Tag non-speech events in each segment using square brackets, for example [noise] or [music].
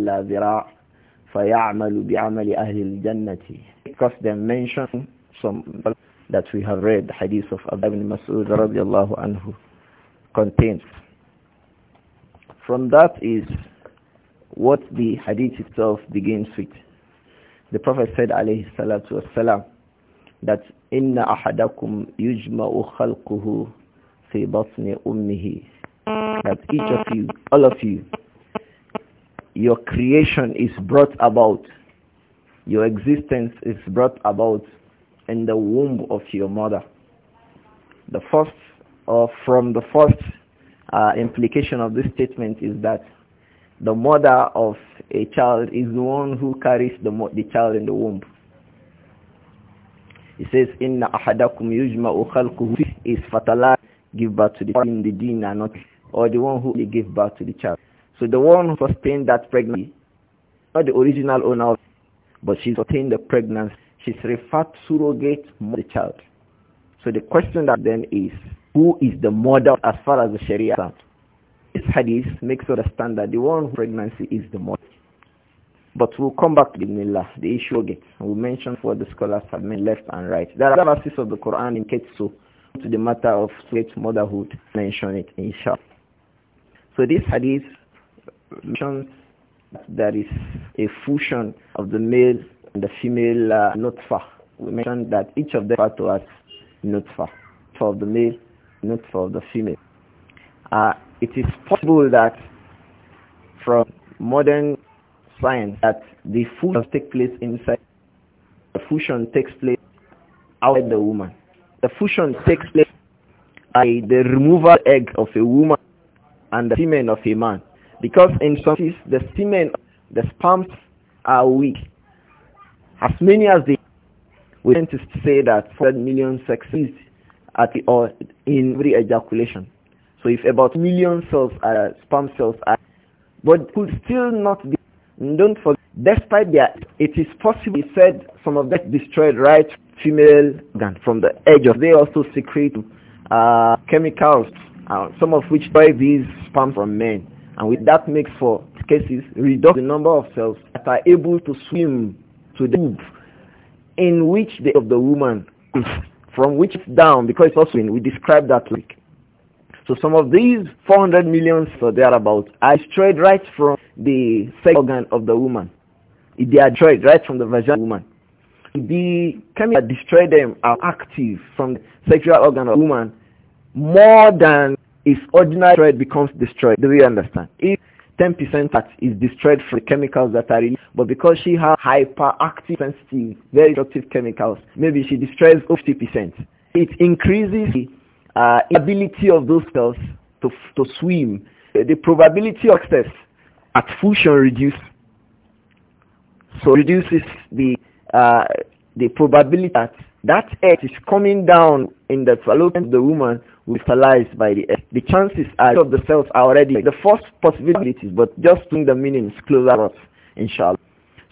إلا ذراع فيعمل بعمل أهل الجنة because they mention some that we have read the hadith of Abu ibn Mas'ud رضي الله عنه contains from that is what the hadith itself begins with the prophet said عليه الصلاة والسلام that إن أحدكم يجمع خلقه في بطن أمه that each of you all of you your creation is brought about, your existence is brought about in the womb of your mother. The first, or from the first uh, implication of this statement is that the mother of a child is the one who carries the, the child in the womb. He says, "Inna ahadakum yujma'u is fatala give birth to the in the deen not or the one who give birth to the child." So the one who sustained that pregnancy, not the original owner, but she sustained the pregnancy, she's referred surrogate the child. So the question that then is, who is the mother as far as the Sharia is This hadith makes understand that the one who pregnancy is the mother. But we'll come back to Allah, the issue again. we mentioned what the scholars have meant left and right. There are verses of the Quran in Ketsu to the matter of sweet motherhood. Mention it, inshallah. So this hadith that is a fusion of the male and the female uh, nutfa. We mentioned that each of them referred to as nutfa, for the male, not of the female. Uh, it is possible that from modern science that the fusion takes place inside, the fusion takes place outside the woman. The fusion takes place by the removal egg of a woman and the semen of a man. Because in some cases, the semen, the sperms are weak. As many as they we tend to say that 4 million sexes at the, or in every ejaculation. So if about million cells are sperm cells are, but could still not be, don't forget, despite that, it is possible, said, some of that destroyed right female organ from the edge of, they also secrete uh, chemicals, uh, some of which drive these sperm from men. And with that makes for cases reduce the number of cells that are able to swim to the womb in which the of the woman is from which down because it's also in we describe that like so some of these 400 million or thereabouts, are destroyed right from the sex organ of the woman they are destroyed right from the vagina of the woman the chemicals that destroy them are active from the sexual organ of the woman more than if ordinary thread becomes destroyed, do you understand? If 10% that is destroyed from chemicals that are in, but because she has hyperactive, sensitive, very destructive chemicals, maybe she destroys 50%. It increases the uh, ability of those cells to, to swim. The probability of success at fusion reduces. So reduces the, uh, the probability that that egg is coming down in the fallopian of the woman will fertilized by the earth. The chances are of the cells are already the first possibilities, but just bring the meanings closer to us, inshallah.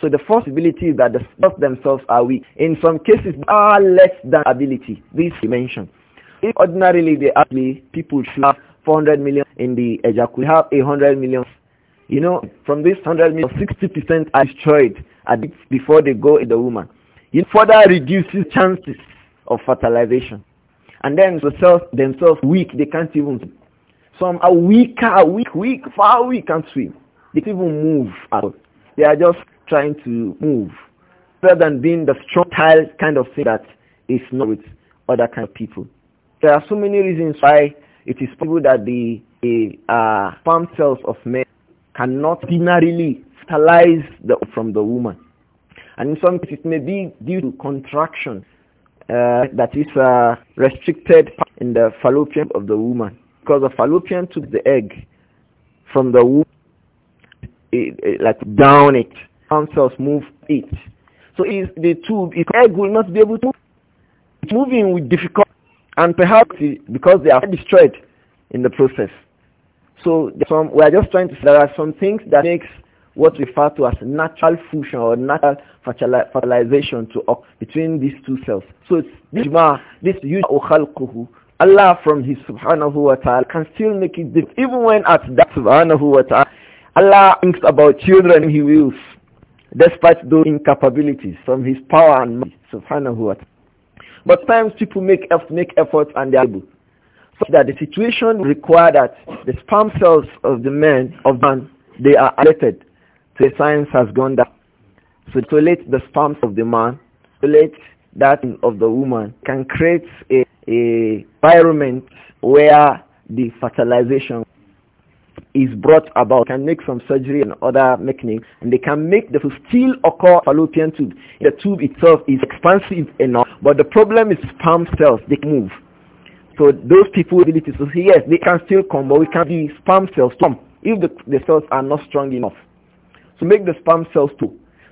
So the first possibility is that the cells themselves are weak. In some cases, are less than ability. This dimension. If ordinarily they actually people should have 400 million in the ejaculate, have 100 million. You know, from this 100 million, 60% are destroyed before they go in the woman. It further reduces chances of fertilization. And then themselves, themselves weak, they can't even Some are weaker, weak, weak, far weak, can't swim. They can't even move all. They are just trying to move. Rather than being the strong child kind of thing that is not with other kind of people. There are so many reasons why it is possible that the, uh, farm uh, sperm cells of men cannot ordinarily fertilize the, from the woman. And in some cases, it may be due to contraction uh, that is uh, restricted in the fallopian of the woman because the fallopian took the egg from the womb it, it, like down it cells move it so is the tube the egg will not be able to move in with difficulty and perhaps because they are destroyed in the process so some, we are just trying to there are some things that makes what referred to as natural fusion or natural fertilization to occur uh, between these two cells. So it's this huge khalquhu. Allah from his subhanahu wa ta'ala can still make it Even when at that subhanahu wa ta'ala, Allah thinks about children he wills, despite those incapabilities from his power and might, subhanahu wa ta'ala. But times people make, eff- make efforts and they are able. So that the situation require that the sperm cells of the men, of man, they are alerted so science has gone down. So to let the sperms of the man, to let that of the woman can create a, a environment where the fertilization is brought about can make some surgery and other mechanics and they can make the still occur fallopian tube the tube itself is expansive enough but the problem is sperm cells they move so those people ability to so yes they can still come but we can be sperm cells come if the, the cells are not strong enough to make the sperm cells to.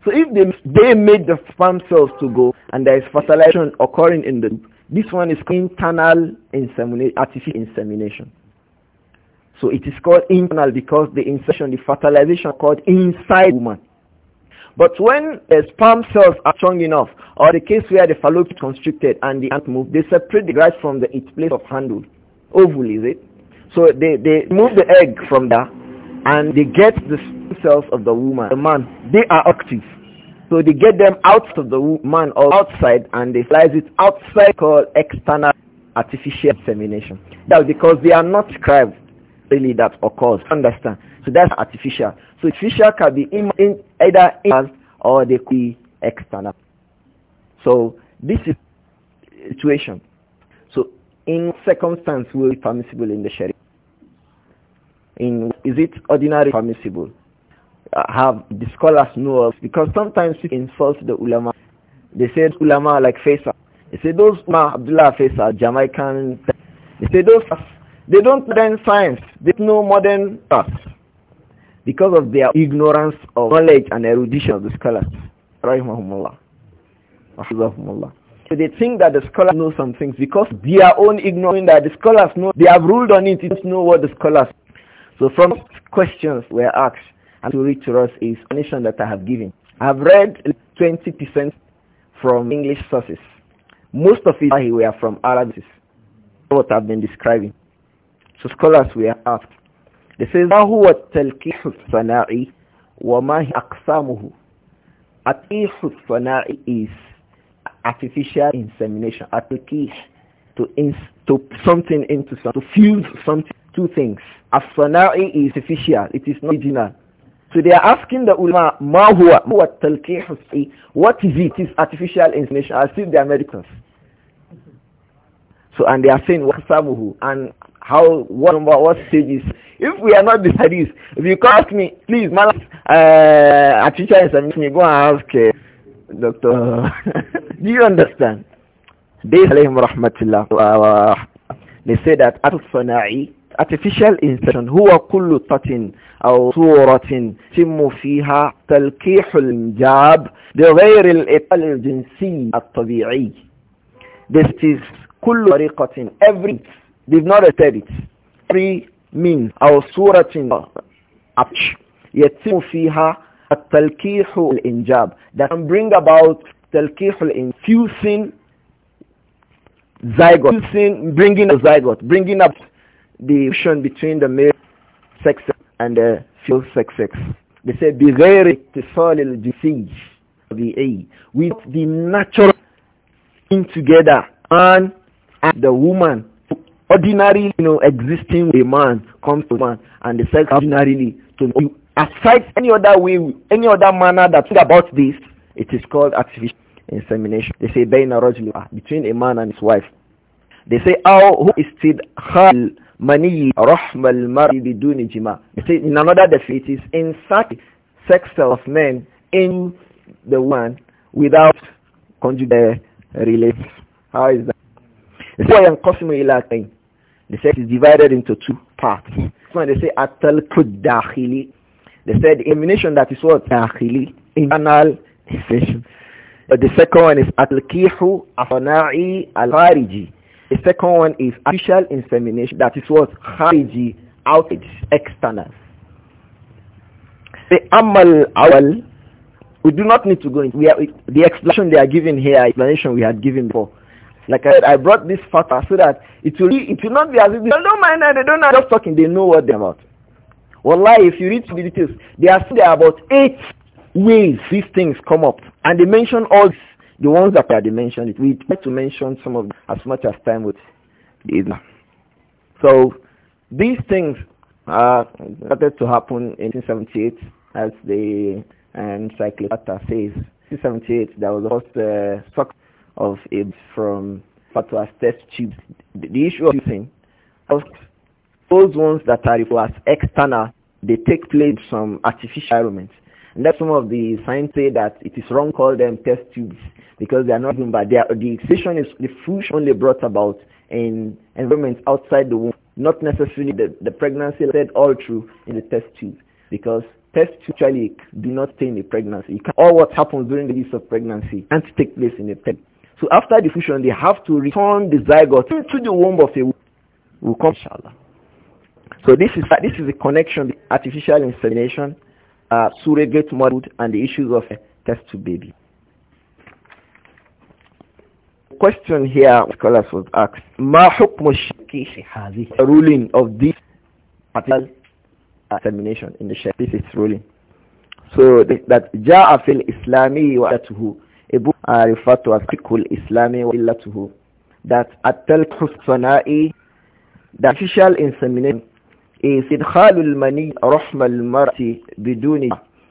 So if they, they made the sperm cells to go and there is fertilization occurring in the this one is internal insemination, artificial insemination. So it is called internal because the insertion, the fertilization occurred inside woman. But when the sperm cells are strong enough, or the case where the fallopian is constricted and the ant move, they separate the egg from the, its place of handle, ovule is it? So they, they move the egg from there and they get the cells of the woman, the man, they are active. So they get them out of the man or outside and they slice it outside called external artificial insemination. That's because they are not craved, really that occurs. Understand? So that's artificial. So artificial can be in, in either in or they could be external. So this is situation. So in circumstance will be permissible in the Sharia. In is it ordinary permissible? have the scholars know of because sometimes people insult the ulama. They say ulama like Faisal. They say those ulama, Abdullah Faisal, Jamaican. They say those, they don't learn science. They know modern stuff because of their ignorance of knowledge and erudition of the scholars. Rahimahumullah. So they think that the scholars know some things because their own ignorance that the scholars know, they have ruled on it, they don't know what the scholars. So from questions were asked, and to read to us is explanation that I have given. I've read 20% from English sources. Most of it are from Arabic, what I've been describing. So scholars were asked. They say, ما هو التلقيح الصناعي وما هي أقسامه? التلقيح الصناعي is artificial insemination. Atlikih, to, ins to something into something, to fuse something, two things. as is artificial, it is not original. So they are asking the ulama, ma huwa, What is it? It's artificial insemination. I see the Americans. So and they are saying wasamuhu and how what number what stages. If we are not the hadith, if you can ask me, please, my uh, artificial insemination. You go and ask uh, doctor. [laughs] Do you understand? They rahmatullah. They say that artificial artificial insertion هو كل طة أو صورة تم فيها تلقيح الإنجاب بغير الإطال الطبيعي This is كل طريقة every they've not said it every means أو صورة approach يتم فيها التلقيح الإنجاب that can bring about تلقيح infusing zygote bringing a zygote bringing up division between the male sex and the female sex. They say, بغير اتصال الجنسي the with the natural in together and, and the woman ordinarily you know existing a man comes to man and the sex ordinarily to you aside any other way any other manner that think about this it is called artificial insemination they say between a man and his wife they say how who is still hal mani rahmal mari biduni jima. In another definition, it is insert sex of men in the one without conjugal relations. How is that? They say yanqasimu ila thing. The sex is divided into two parts. So they say at-talqud dakhili. They said the elimination that is what dakhili internal decision. But the second one is at-talqihu afana'i al-khariji. The second one is artificial insemination. That is what? Khariji, outage, external. The amal awal, we do not need to go into. We are, the explanation they are giving here, explanation we had given before. Like I said, I brought this factor so that it will, it will not be as if they don't mind they don't know just talking, they know what they're about. Wallahi, if you read the details, they are there are about eight ways these things come up. And they mention all the ones that I mentioned it, we try to mention some of them as much as time would is. So these things uh, started to happen in 1978 as the encyclopedia um, says. 1978 there was the first uh, suck of it from fatwas test tubes. The, the issue of using those ones that are referred as external, they take place some artificial elements. And that's some of the signs say that it is wrong to call them test tubes because they are not even by the excision is the fruit only brought about in environments outside the womb, not necessarily the, the pregnancy led all through in the test tube because test tubes actually do not stay in the pregnancy. All what happens during the use of pregnancy can't take place in the pregnancy. So after diffusion, they have to return the zygote to the womb of a woman. inshallah. So this is this is the connection artificial insemination uh, surrogate motherhood and the issues of test tube baby. Question here, scholars was asked, ما حكم الشرك ruling of this material termination in the Sharia? This is ruling. So that جاء في الإسلام وعلته a book uh, referred to as Fiqhul Islami wa illatuhu that at-talq tal that official insemination is idkhalu mani rahma al-mar'ati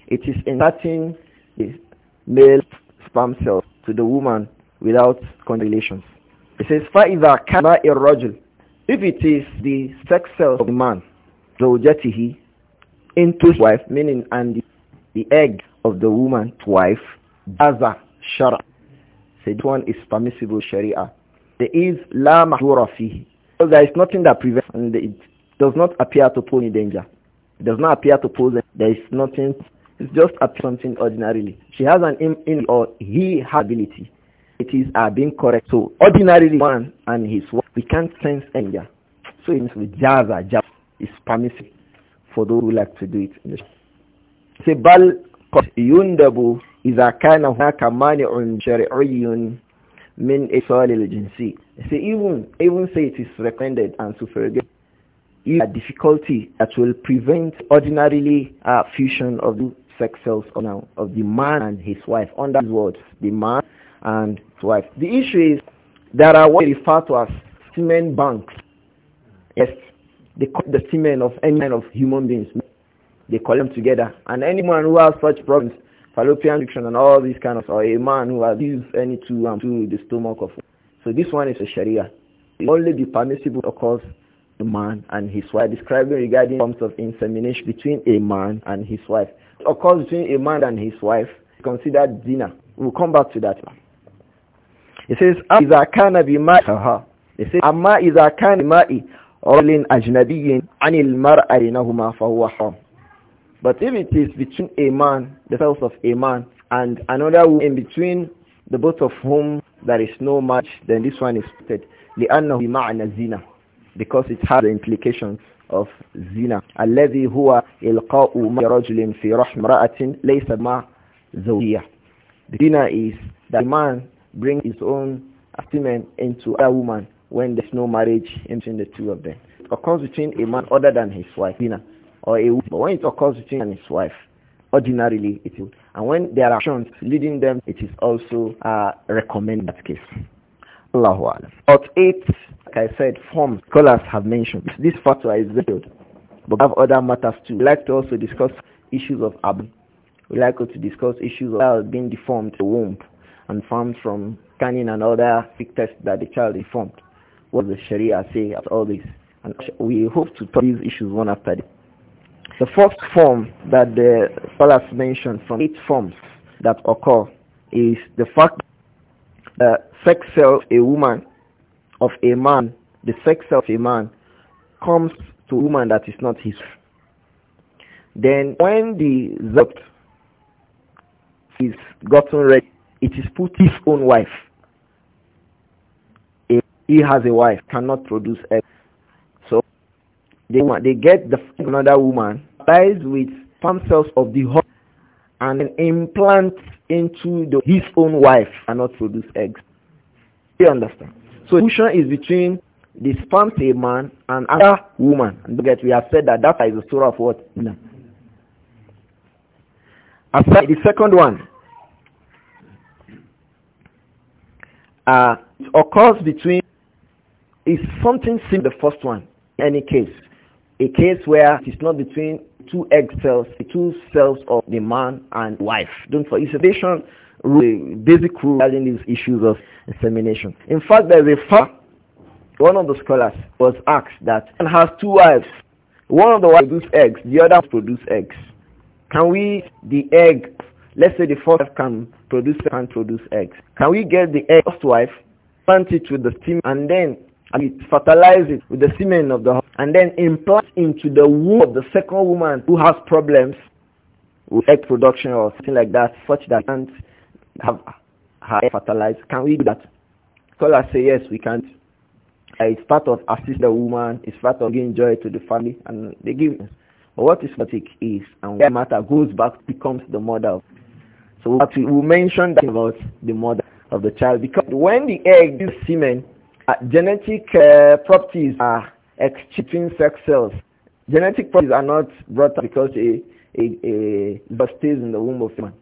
it is inserting the male sperm cells to the woman without condylation. It says فَإِذَا كَانَ الرَّجُلُ If it is the sex cell of the man, زوجته into his wife, meaning and the, egg of the woman to wife, daza shara. So this one is permissible sharia. There is la mahdura fihi. So there is nothing that prevents and it does not appear to pose any danger. It does not appear to pose. There is nothing. It's just something ordinarily. She has an in, in or he has ability. It is are uh, being correct. So ordinarily man and his wife, we can't sense anger. So it means with uh, jaza, jaza is permissible for those who like to do it. Say bal yundabu kind of هناك مانع شرعي من إيصال الجنسي. Say even even say it is recommended and supervised is a difficulty that will prevent ordinarily a uh, fusion of the sex cells of, the man and his wife. Under these words, the man and his wife. The issue is there are what we refer to as semen banks. Yes, they call the semen of any kind of human beings. They call them together. And anyone who has such problems, fallopian friction and all these kind of, or a man who has used any two um, to the stomach of. So this one is a Sharia. Only the permissible occurs man and his wife, describing regarding forms of insemination between a man and his wife. or course, between a man and his wife, considered zina. We'll come back to that one. It says, إذا كان بماء It says, أما إذا كان بماء رجل أجنبي عن المرأة بينهما فهو حرام. But if it is between a man, the spouse of a man, and another woman in between the both of whom there is no match, then this one is stated لأنه بمعنى الزنا because it has the implications of zina alladhi huwa ilqa'u ma rajulin fi rahmra'atin laysa ma zawiyah zina is that man brings his own semen into a woman when there's no marriage between the two of them it occurs between a man other than his wife zina or a woman but when it occurs between and his wife ordinarily it is. and when there are actions leading them it is also uh, recommended that case Allahu Alam. But it like I said, forms scholars have mentioned. This fatwa is veiled. But we have other matters too. We like to also discuss issues of ab. We like to discuss issues of child being deformed, the womb, and formed from caning and other tests that the child is formed. What does the Sharia say about all this? And we hope to talk these issues one after the other. The first form that the scholars mentioned from eight forms that occur is the fact that sex sells a woman of a man, the sex of a man, comes to a woman that is not his. Then when the zapt is gotten ready, it is put his own wife. If he has a wife, cannot produce egg. So they, they get the another woman, dies with sperm cells of the husband, and then implant into the, his own wife, cannot produce eggs. You understand? So fusion is between the sperm a man and other woman. And don't forget, we have said that that is the story of what? No. Aside the second one, uh, occurs between is something similar to the first one. Any case, a case where it's not between two egg cells, two cells of the man and wife. Don't forget, it's a rule, basic rule regarding these issues of insemination. In fact, there is a fact. One of the scholars was asked that and has two wives. One of the wives produces eggs, the other produces eggs. Can we, the egg, let's say the first wife can produce, can produce eggs. Can we get the egg, first wife, plant it with the semen, and then and it fertilize it with the semen of the husband, and then implant into the womb of the second woman who has problems with egg production or something like that, such that have high fertilized. Can we do that? Scholars say yes, we can't. Uh, it's part of assist the woman, it's part of giving joy to the family, and they give. But what is fatigue is, and where matter goes back, becomes the mother. So we we mentioned about the mother of the child because when the egg is semen, uh, genetic uh, properties are exchanging sex cells. Genetic properties are not brought up because a, a, a stays in the womb of man.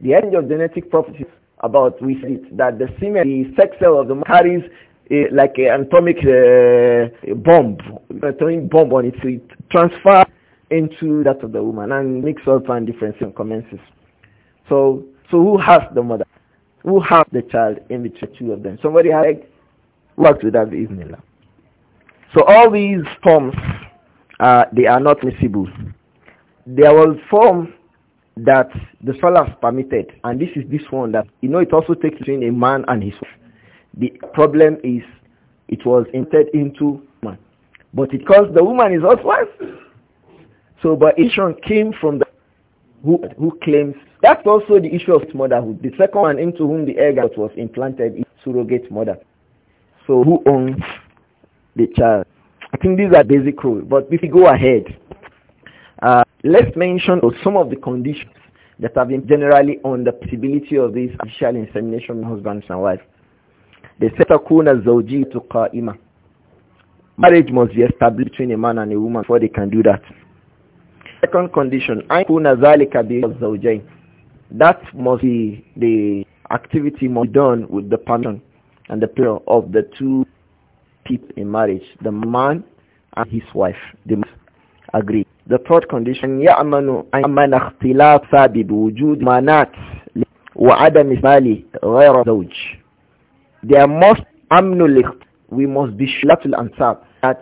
The end of genetic properties about which it, that the semen, the sex cell of the carries eh, a, like an atomic uh, eh, bomb, atomic bomb on it, so it transfers into that of the woman and makes all and difference and commences. So, so who has the mother? Who has the child in between two of them? Somebody has like, worked with that Ismaila. So all these forms, uh, they are not miscible. There was form that the scholars permitted, and this is this one that you know it also takes between a man and his wife. The problem is it was entered into man, but it the woman is also wife. So, but Ishon came from the who who claims that's also the issue of motherhood. The second one into whom the egg was implanted is surrogate mother. So, who owns the child? I think these are basic rules, but if we go ahead, uh, let's mention some of the conditions that have been generally on the possibility of this artificial insemination of husbands and wives. They set akuna zawji to qa'ima. Marriage must be established between a man and a woman before they can do that. Second condition, That must be the activity must be done with the permission and the prayer of the two people in marriage, the man and his wife. They must agree. The third condition, يأمن أمن اختلاف بوجود منات وعدم مال غير زوج. There must amnulicht. We must be to ansab that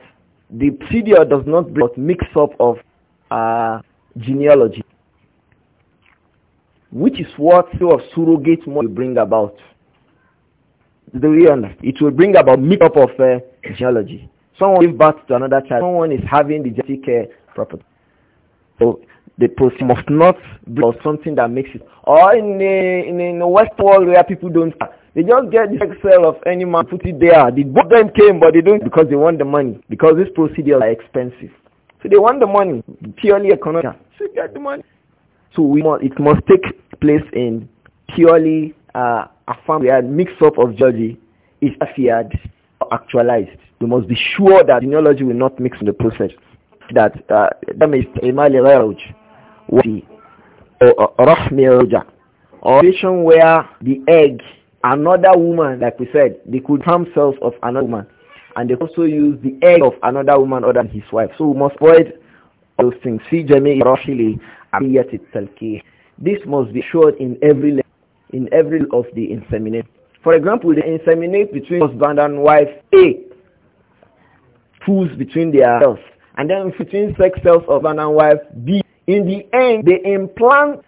the procedure does not bring mix up of uh, genealogy, which is what fear of surrogate will bring about. Do you understand? It will bring about mix up of uh, genealogy. Someone gives birth to another child. Someone is having the genetic uh, property. So the post must not be or something that makes it. Or in a, in a, in a West world where people don't, they just get the Excel of any man, put it there. The both them came, but they don't because they want the money. Because these procedures are expensive, so they want the money purely economic. So get the money. So we must, it must take place in purely uh, a family mix up of judges is feared, or actualized. We must be sure that genealogy will not mix in the process that uh, them is imal ghayruj wa uh, rahmi ruja or situation where the egg another woman like we said they could harm cells of another woman and they also use the egg of another woman other than his wife so we must avoid those things See, jami'i rahili amiyat at this must be assured in every in every of the insemination for example they inseminate between husband and wife a fools between their themselves and then between sex cells of man and wife B. In the end, they implant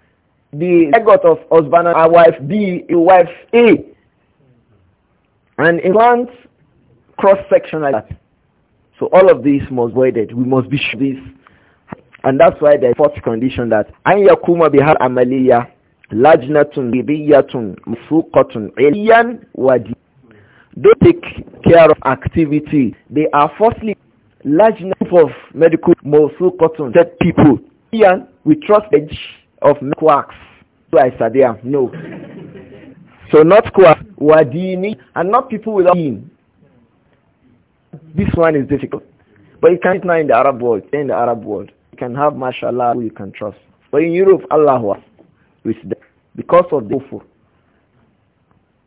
the egg of husband and wife B, a wife A, and implant cross-section like that. So all of this must be added. We must be sure this. And that's why the fourth condition that أن يقوم بها العملية لجنة طبية مسوقة elian wadi. They take care of activity. They are falsely large number of medical mosul cotton dead people. Here, we trust edge of quarks. So I said, yeah, no. so not quarks, wadini, and not people without deen. This one is difficult. But you can't now in the Arab world. In the Arab world, you can have mashallah who you can trust. But in Europe, Allah with them because of the kufur.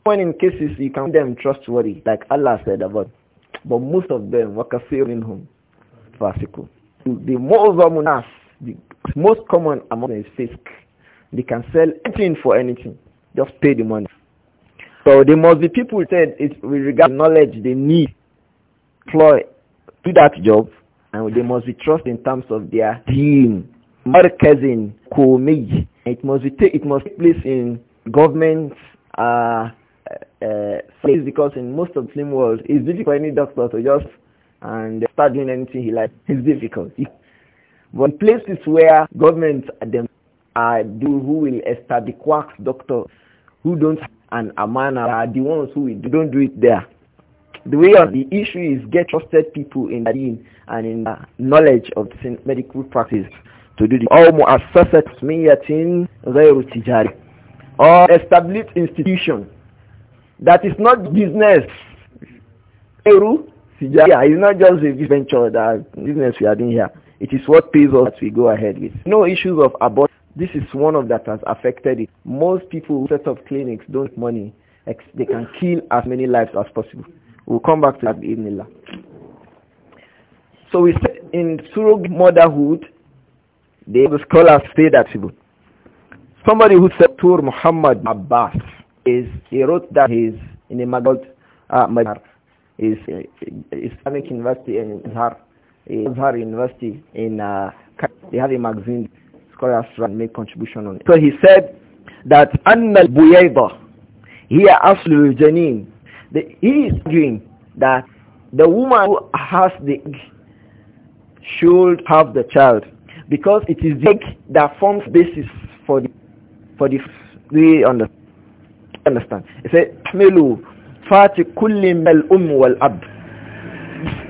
When in cases you can them trustworthy, like Allah said about but most of them, وَكَثِيرٌ مِنْهُمْ فَاسِقُونَ The most nas, the most common among them is fisk. They can sell anything for anything. Just pay the money. So there must be people said it's with regard to knowledge they need Ploy do that job and they must be trusted in terms of their team. Marketing, It must be it must take place in government uh, uh, because in most of the Muslim world, it's difficult for any doctor to just and start doing anything he likes. It's difficult. [laughs] But places where governments them are do who will establish quacks doctor who don't and man are the ones who will, don't do it there. The way of the issue is get trusted people in the and in the knowledge of the medical practice to do the all mu'assasat miyatin ghayru tijari or established institution that is not business. Eru, yeah, it's not just a venture that business we are doing here. It is what pays us that we go ahead with. No issues of abortion. This is one of that has affected it. Most people who set up clinics don't make money. They can kill as many lives as possible. We'll come back to that in Allah. So we said in surrogate motherhood, the scholars say that Somebody who said to Muhammad Abbas is he wrote that he's in a Magad uh, uh Islamic University in Azhar, Azhar University in uh, they have a magazine scholars and make contribution on it. So he said that Anna أن here هي أصل الجنين. He is arguing that the woman who has the egg should have the child because it is the egg that forms basis for the for the we understand understand? He said, Ahmilu fati kulli mal um wal ab.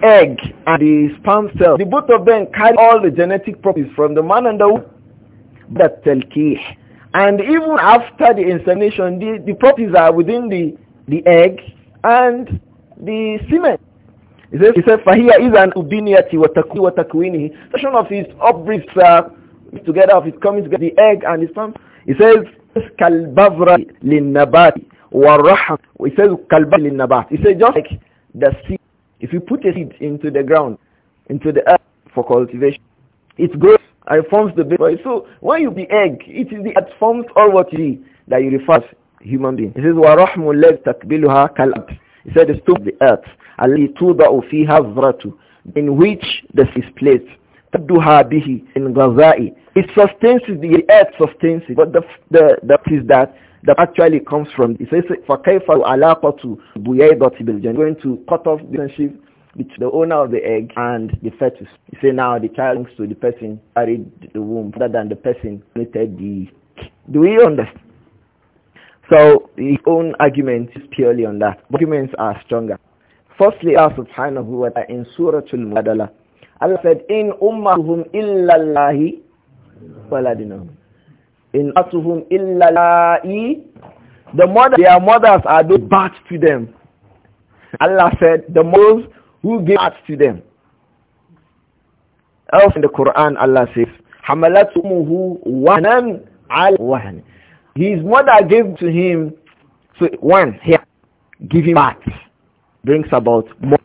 Egg and the sperm cell. The both of them carry all the genetic properties from the man and the woman. That telkih. And even after the insemination, the, the properties are within the, the egg and the semen. He says, he said, Fahia is an ubiniyati wa takwinihi. Section of his upbreeds uh, together, of his coming together, the egg and the sperm. He says, kalbavra linnabat warahm." It says kalbavra linnabat. It says just like the seed. If you put a seed into the ground, into the earth for cultivation, it grows and forms the baby. So when you the egg, it is the it forms all what you that you refer to human being. It says warahmu leg takbiluha kalab. It says the stone of the earth, ali tudau fiha zratu, in which the seed is placed. Tabduha bihi in gaza'i." It sustains it, the earth sustains it. But the, the, the is that that actually comes from it says فَكَيْفَ عَلَاقَةُ بُيَيْضَةِ بِالْجَنِ going to cut off the relationship between the owner of the egg and the fetus. You say now the child belongs to the person carried the womb rather than the person created the Do we understand? So his own argument is purely on that. Arguments are stronger. Firstly, Allah subhanahu wa ta'ala in Surah Al-Mubadala, Allah said, In Ummahum إِلَّا waladina. In atuhum illa The mother, their mothers are those birth to them. Allah said, the mothers who give birth to them. Else in the Quran, Allah says, حملتمه وهنا al وهن. His mother gave to him, so one here, give him birth, brings about more.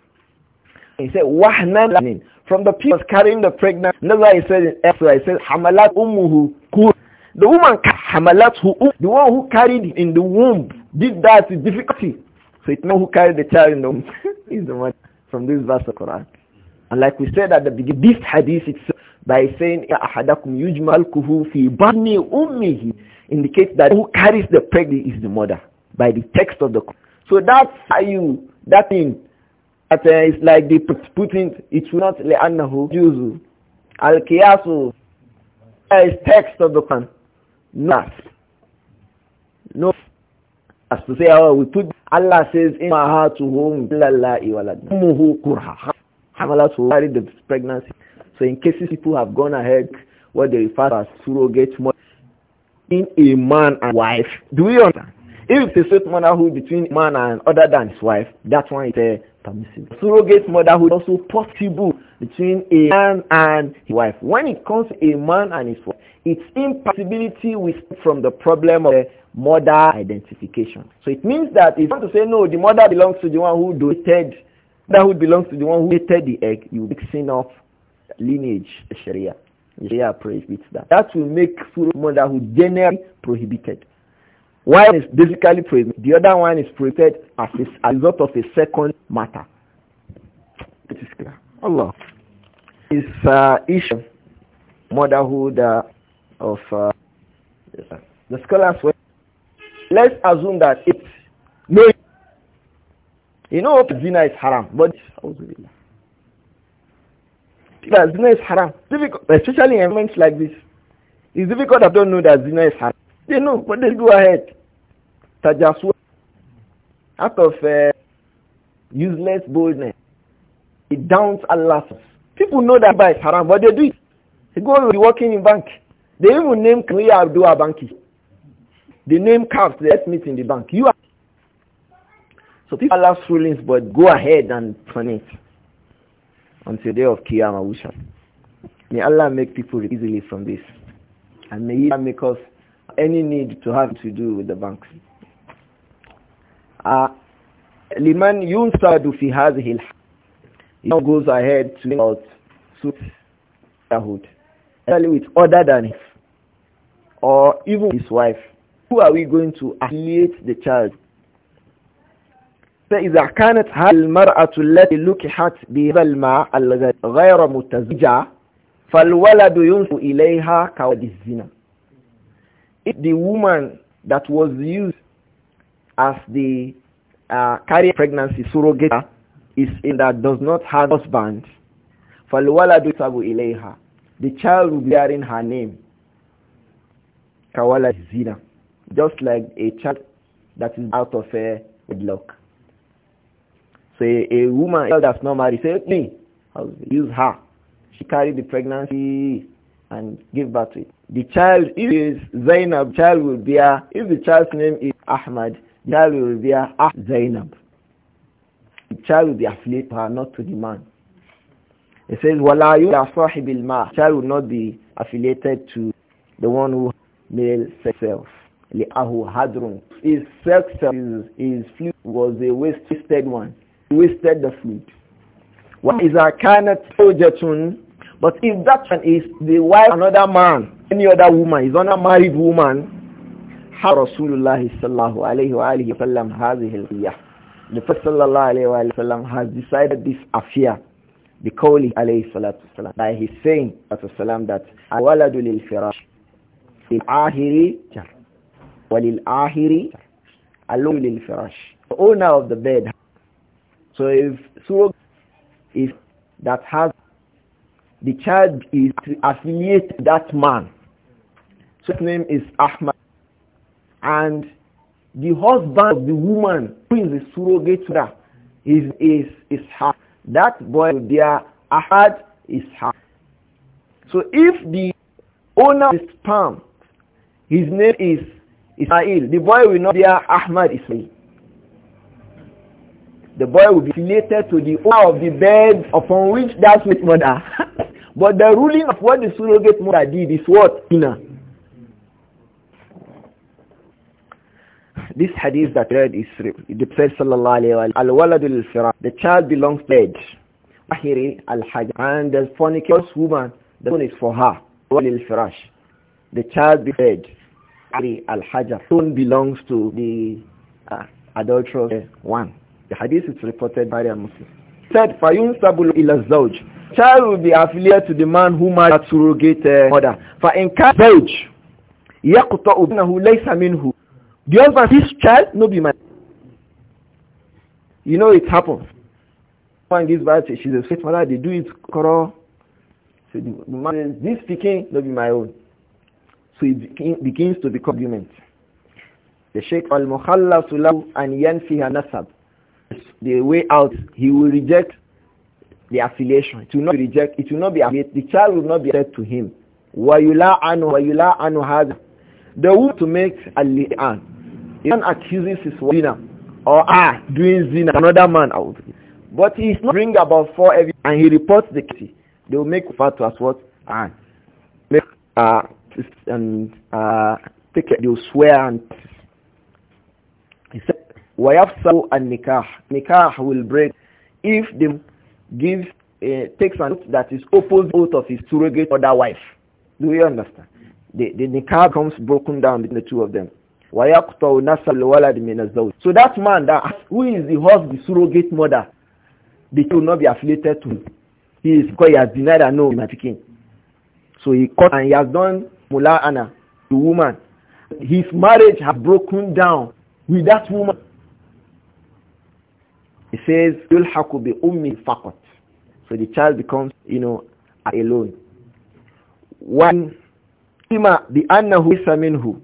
He said, وهنا from the people carrying the pregnant. And that's why he said in Ezra, he said, Hamalat ummuhu kur. The woman Hamalat who um, the one who carried in the womb did that with difficulty. So it's not who carried the child in the womb. is [laughs] the one from this verse of Quran. And like we said at the beginning, this hadith itself by saying ahadakum yujmal kuhu fi bani ummihi indicates that who carries the pregnant is the mother by the text of the Quran. So that's how you that means, it's uh, is like the putting, it's not لأنه جوز. Al-Qiyasu is text of the Quran. Not. No. As to say, oh, we put, Allah says, in mahatuhum lallahi walad. Umuhu kurha. Hamalatu carried the pregnancy. So in cases people have gone ahead, what they refer to as surrogate mother, in a man and wife. Do we understand? If it's a sweet motherhood between man and other than his wife, that one is a permissible. Surrogate motherhood also possible between a man and his wife. When it comes to a man and his wife, its impossibility we from the problem of the mother identification. So it means that if you want to say no, the mother belongs to the one who donated, motherhood belongs to the one who donated the egg, you mixing up lineage Sharia. Sharia prohibits that. That will make motherhood generally prohibited. One is basically present. The other one is prepared as a result of a second matter. It is clear. Allah. Is uh, issue motherhood uh, of uh, the scholars were. Let's assume that it's no. You know, zina is haram, but zina is haram, difficult, especially in events like this. It's difficult I don't know that zina is haram. They know, but they go ahead. Tajaswa. Out of uh, useless boldness. It downs Allah's. People know that by haram, but they do it. They go and be working in bank. They even name Kriya Abdua Banki. They name calves, they meet in the bank. You are. So people Allah's rulings, but go ahead and turn it until the day of Qiyamah. May Allah make people easily from this. And may He make us any need to have to do with the banks. Uh, لمن ينسد في هذه now goes ahead to lay out sisterhood, especially with other than his, or even his wife. Who are we going to affiliate the child? فإذا كانت هذه المرأة التي لكحت بهذا الماء غير متزوجة فالولد ينسب إليها كولد الزنا if the woman that was used as the uh, carrier pregnancy surrogate is in that does not have husband, فَالْوَلَدُ يُسَبُ إِلَيْهَا The child will be bearing her name. Kawala Zina. Just like a child that is out of a uh, wedlock. So a, a woman that's not married, say, me, I'll use her. She carried the pregnancy and give birth to it. The child, if it is Zainab, child will be a, if the child's name is Ahmad, child will be a ah, Zainab. The child will be affiliated to her, not to the man. It says, وَلَا يُلَى صَاحِبِ ma." Child will not be affiliated to the one who male sex self. ahu hadrun. His sex self, his, his was a wasted one. He wasted the fluid. وَإِذَا كَانَتْ زَوْجَةٌ but if that man is the wife another man, any other woman, is not a married woman, The Prophet صلى alayhi salam has decided this affair بقوله عليه الصلاة والسلام by his saying والسلام that الولد للفراش للآخر جر وللآخر alone للفراش The owner of the bed So if surrogate is that has the child is to affiliate that man. So his name is Ahmad. And the husband of the woman who is the surrogate mother is is is her. That boy there Ahad is her. So if the owner of the sperm, his name is Ismail. The boy will not be Ahmad Ismail. The boy will be related to the owner of the bed upon which that his mother [laughs] But the ruling of what the surrogate mother did is what? Zina. This hadith that read is the Prophet sallallahu alayhi wa al-waladul firah. The child belongs to age. Ahiri al-hajj. And the fornicator's woman, the one is for her. Walil firash. The child belongs Ali al-hajj. one belongs to the uh, adulterous one. The hadith is reported by the Muslim. Said, فَيُنْسَبُ إِلَى الزَّوْجِ child will be affiliated to the man who married that surrogate uh, mother. فَإِنْ كَانَ زَوْجٌ يَقْطَعُ بِنَهُ لَيْسَ مِنْهُ The husband, this child, no be mine. You know it happens. One gives birth, she's a straight mother, they do it quarrel. So the man, this speaking, no be my own. So it begins to become argument. The Sheikh al-Mukhallasu lahu an yanfiha nasab. The way out, he will reject the affiliation. It will not be rejected. It will not be affiliated. The child will not be said to him. وَيُلَا عَنُ The will to make a lian If one accuses his zina or ah, doing zina, another man out. But he is not bring about four every and he reports the case. They will make refer to as what? Ah. Make, uh, and uh, take it. They will swear and he said, and nikah Nikah will break if the gives uh, takes an oath that is opposed oath of his surrogate other wife. Do you understand? The, the nikah comes broken down between the two of them. So that man that who is the husband, the surrogate mother, they will not be affiliated to. He is because he has denied and no, king. So he caught and he has done mula ana, the woman. His marriage has broken down with that woman. It says, يُلْحَقُ ummi fakat," So the child becomes, you know, alone. One, who is بِأَنَّهُ who,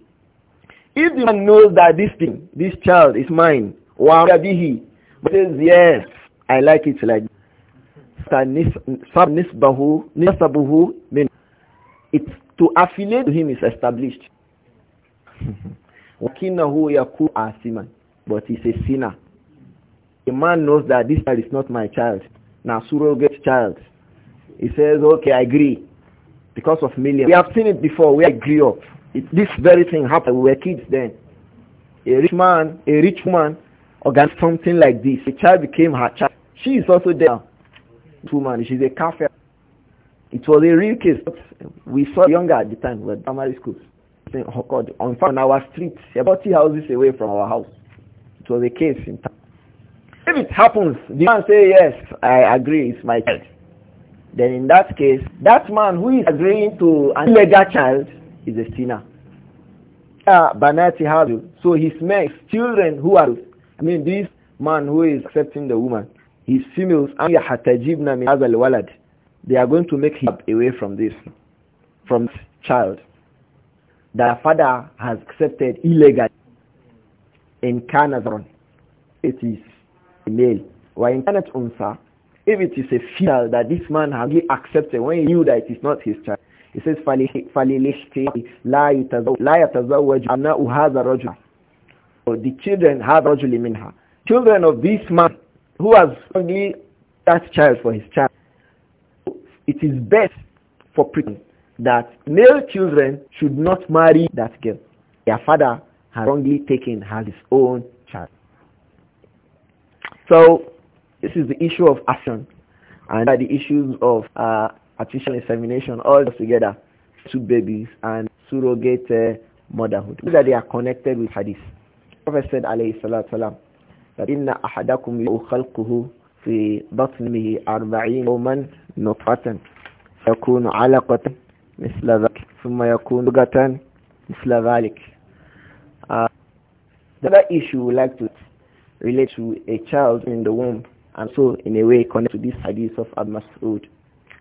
If the man knows that this thing, this child is mine, وَعَبِهِ But says, yes, I like it like sabnis bahu, مِنْ It's to affiliate to him is established. وَكِنَّهُ [laughs] يَكُوا But he's a sinner a man knows that this child is not my child. Now surrogate child. He says, okay, I agree. Because of millions. We have seen it before where I grew up. It, this very thing happened. We were kids then. A rich man, a rich woman organized something like this. A child became her child. She is also there. Woman, she's a kafir. It was a real case. We saw younger at the time, we were primary schools. Oh God, on our street, about three houses away from our house. It was a case in town it happens, the man say, yes, I agree, it's my child. Then in that case, that man who is agreeing to an illegal child is a sinner. Banati Haru. So his next children who are, I mean this man who is accepting the woman, his females, they are going to make him away from this, from this child. that father has accepted illegally in Canada. It is male. Why cannot unsa? If it is a female that this man has accepted when he knew that it is not his child, he says, فَلِلِشْتِي لَا يَتَزَوَّجْ أَنَّهُ هَذَا رَجُلًا so the children have rajuli minha. Children of this man who has only that child for his child. It is best for preaching that male children should not marry that girl. Their father has wrongly taken as his own so this is the issue of action and the issues of uh, artificial insemination all together, two babies and surrogate uh, motherhood. are they are connected with hadith. Prophet said alayhi salatu salam that inna ahadakum khalquhu fi batnihi arba'in yawman nutfatan yakunu alaqatan misla dhalik thumma yakunu gatan misla dhalik. Uh, the other issue we like to relate to a child in the womb and so in a way connect to this hadith of Al-Mas'ud.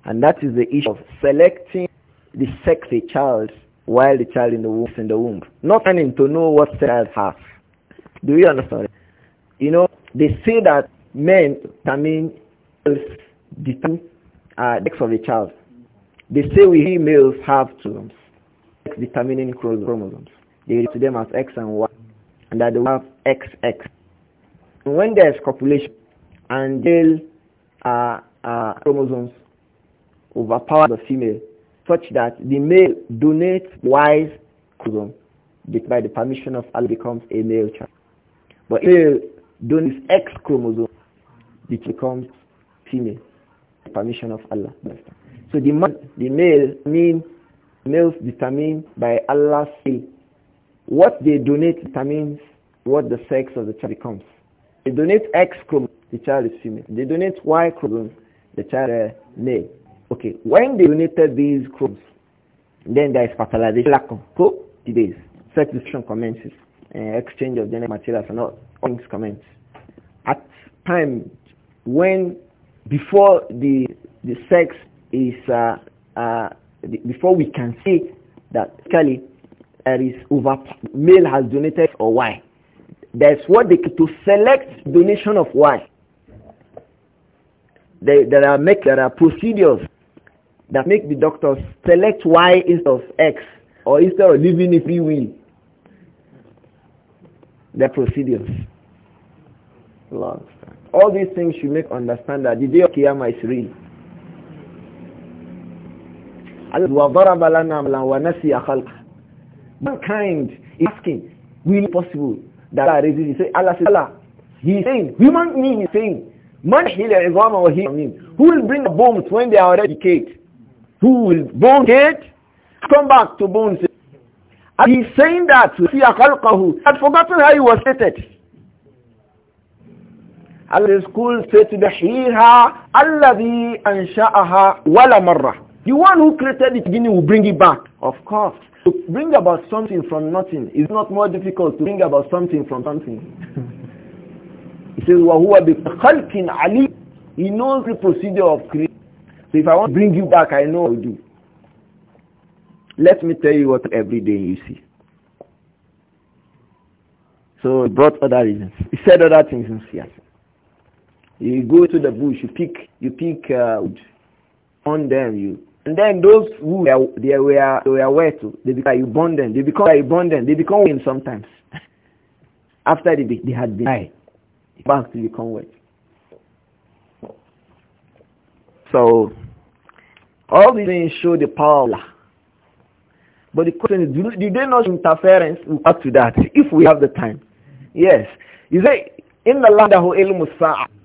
And that is the issue of selecting the sex a child while the child in the womb is in the womb. Not trying to know what the child has. Do you understand? You know, they say that men determine determine uh, sex of a child. They say we males have chromosomes, determining chromosomes. They refer to them as X and Y, and that they have XX when there is copulation and male uh, uh, chromosomes overpower the female such that the male donates wise chromosome by the permission of Allah becomes a male child. But male donates X chromosome it becomes female by the permission of Allah. So the man, the male mean males determined by Allah's will. What they donate determines what the sex of the child becomes. They donate X chromosome, the child is female. They donate Y chromosome, the child is male. Okay, when they donated these chromosomes, then there is fertilization lack of days. Sex commences, uh, exchange of genetic materials and all things commence. At time when, before the, the sex is, uh, uh, the, before we can see that clearly there is over, male has donated or Y that's what they to select donation of Y. They, there are make there are procedures that make the doctors select Y instead of X or instead of leaving if he will. The procedures. Lord. All these things should make understand that the day of Qiyamah is real. mankind is asking will it possible that Allah raises He say Allah says Allah he is saying human being is saying man hila izama human beings. who will bring the bones when they are already decayed who will bone decayed come back to bones and he's saying that fi khalqahu had forgotten how he was stated to the فَتُبَحِيهَا Allah أَنْشَأَهَا وَلَا مَرَّةً The one who created it beginning will bring it back. Of course bring about something from nothing is not more difficult to bring about something from something. [laughs] he says, وَهُوَ khalqin Ali, He knows the procedure of creation. So if I want to bring you back, I know I'll do. Let me tell you what every day you see. So he brought other reasons. He said other things in yes. You go to the bush, you pick, you pick uh, wood. On them, you and then those who they, they were, they were to They become, you them. They become, you them. They become wet sometimes. [laughs] After they, they had been dry, back to become wet. So, all these things show the power But the question is, do, do they not interference? We'll to that if we have the time. Yes. You say, in the land of ilmu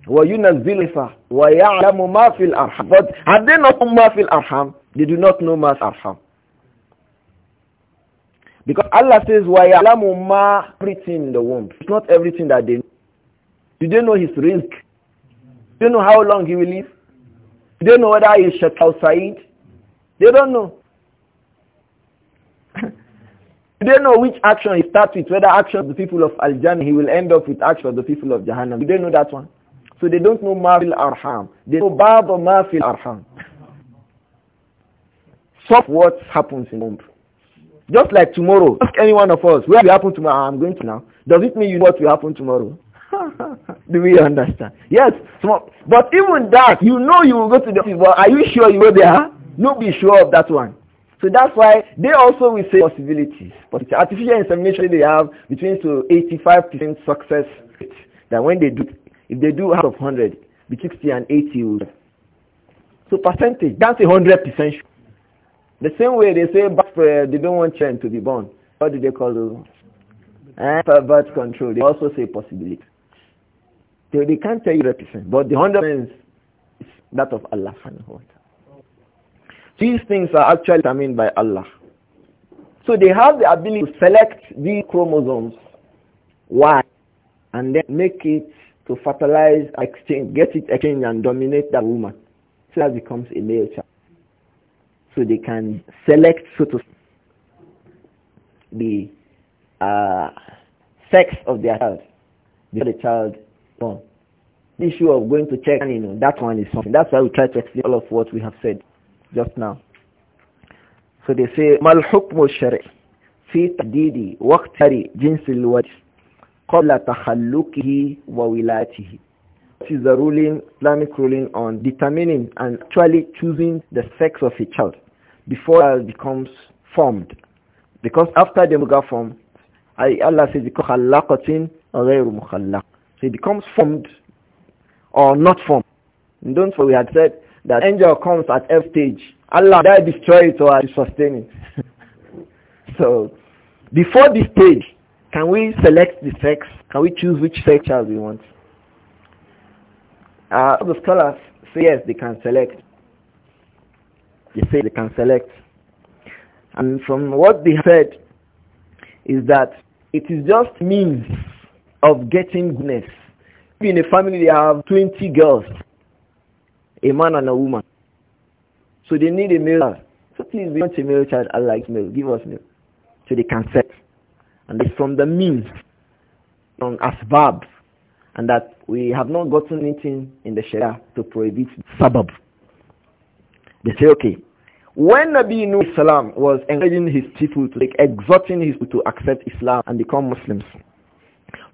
وَيُنَزِّلُ وَيَعْلَمُ مَا فِي الْأَرْحَامِ But had they not known مَا فِي الْأَرْحَامِ, they do not know مَا فِي Because Allah says, وَيَعْلَمُ مَا everything in the womb. It's not everything that they know. Do they know his risk? Do they know how long he will live? Do they know whether he is shut Said? They don't know. [laughs] Do they know which action he starts with, whether action of the people of Al-Jannah, he will end up with action of the people of Jahannam. Do they know that one? So they don't know mafil arham. They know bab mafil arham. Stop what happens in womb. Just like tomorrow, ask any one of us, where will happen tomorrow? I'm going to now. Does it mean you know what will happen tomorrow? [laughs] Do we understand? Yes. But even that, you know you will go to the office, but are you sure you go there? No, be sure of that one. So that's why they also will say possibilities. But artificial insemination, they have between to 85% success rate. That when they do, if they do out of 100, be 60 and 80 will. So percentage, that's a 100% The same way they say but prayer, uh, they don't want children to be born. What do they call those? And eh, birth control. They also say possibility. They they can't tell you percent, But the 100% is that of Allah. These things are actually determined by Allah. So they have the ability to select these chromosomes. Why? And then make it to fertilize, exchange, get it exchange and dominate that woman. So that becomes a male child. So they can select, so to the uh, sex of their child before the child born. The issue of going to check, you know, that one is something. That's why we try to explain all of what we have said just now. So they say, ما الحكم الشرعي في تحديد وقت جنس قبل تخلقه wa This is the ruling, Islamic ruling on determining and actually choosing the sex of a child before it becomes formed. Because after the muga form, Allah says, خَلَّقَةٍ غَيْرُ مُخَلَّقٍ So it becomes formed or not formed. And don't forget, we had said that angel comes at every stage. Allah that destroy it or sustain it. [laughs] so before this stage, can we select the sex? Can we choose which sex child we want? Uh, the scholars say yes, they can select. They say they can select. And from what they said is that it is just means of getting goodness. In a family they have 20 girls, a man and a woman. So they need a male child. So please, we want a male child. I like male. Give us male. So they can select and it's from the means, from asbab, and that we have not gotten anything in the Sharia to prohibit sabab. They say, okay, when Nabi Nuh Salam was encouraging his people to, like, exhorting his people to accept Islam and become Muslims,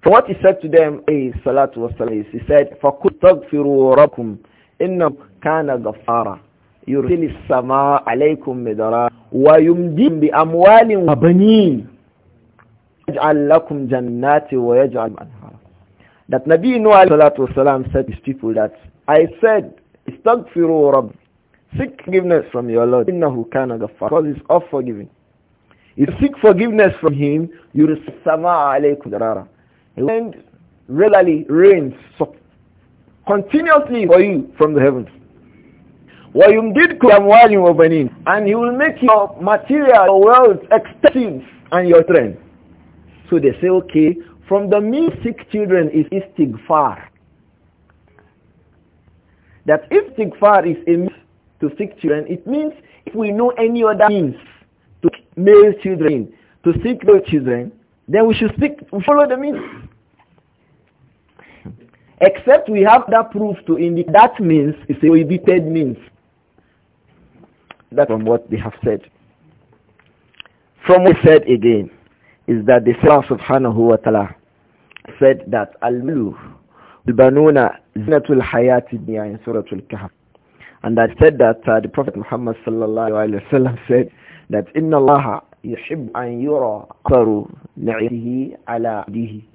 from what he said to them is, Salatu Wasalam, he said, فَقُلْ تَغْفِرُوا رَبُّكُمْ إِنَّهُ كَانَ غَفَّارًا يُرْسِلِ السَّمَاءَ عَلَيْكُمْ مِدَرًا وَيُمْدِدْ بِأَمْوَالٍ وَبَنِينَ يَجْعَلْ لَكُمْ جَنَّاتِ وَيَجْعَلْ أَنْهَارًا That Nabi Nuh alayhi said to his people that, I said, Seek forgiveness from your Lord. إِنَّهُ كَانَ غَفَّارًا Because he's all forgiving. If you seek forgiveness from him, you receive alaykum darara. And regularly rains so continuously for you from the heavens. وَيُمْدِدْكُمْ أَمْوَالٍ وَبَنِينَ And he will make your material, your wealth extensive and your strength. So they say, okay, from the means sick children is istighfar. That if istighfar is a means to sick children, it means if we know any other means to male children, to seek male children, then we should seek, follow the means. [laughs] Except we have that proof to indicate that means is a prohibited means. That's from what they have said. From what said again is that the Allah subhanahu wa ta'ala said that al-mulu al-banuna zinatul hayati dunya in surah al-kahf and that said that uh, the prophet muhammad sallallahu alaihi sallam said that inna allaha yuhib an yura qaru ni'matihi ala abdihi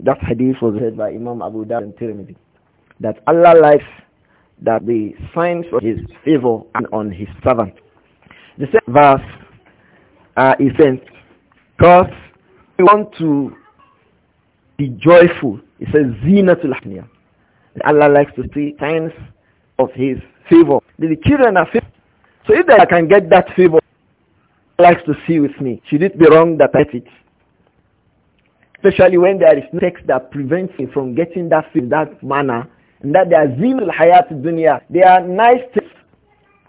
that hadith was said by imam abu dawud and tirmidhi that allah likes that the signs of his favor and on his servant the same verse uh, is events because we want to be joyful. He says, zina to Haniya. Allah likes to see signs of his favor. The children are favored. So if I can get that favor, Allah likes to see with me. Should it be wrong that I get it? Especially when there is no text that prevents me from getting that favor, that manner. And that they are zinul hayat dunya. They are nice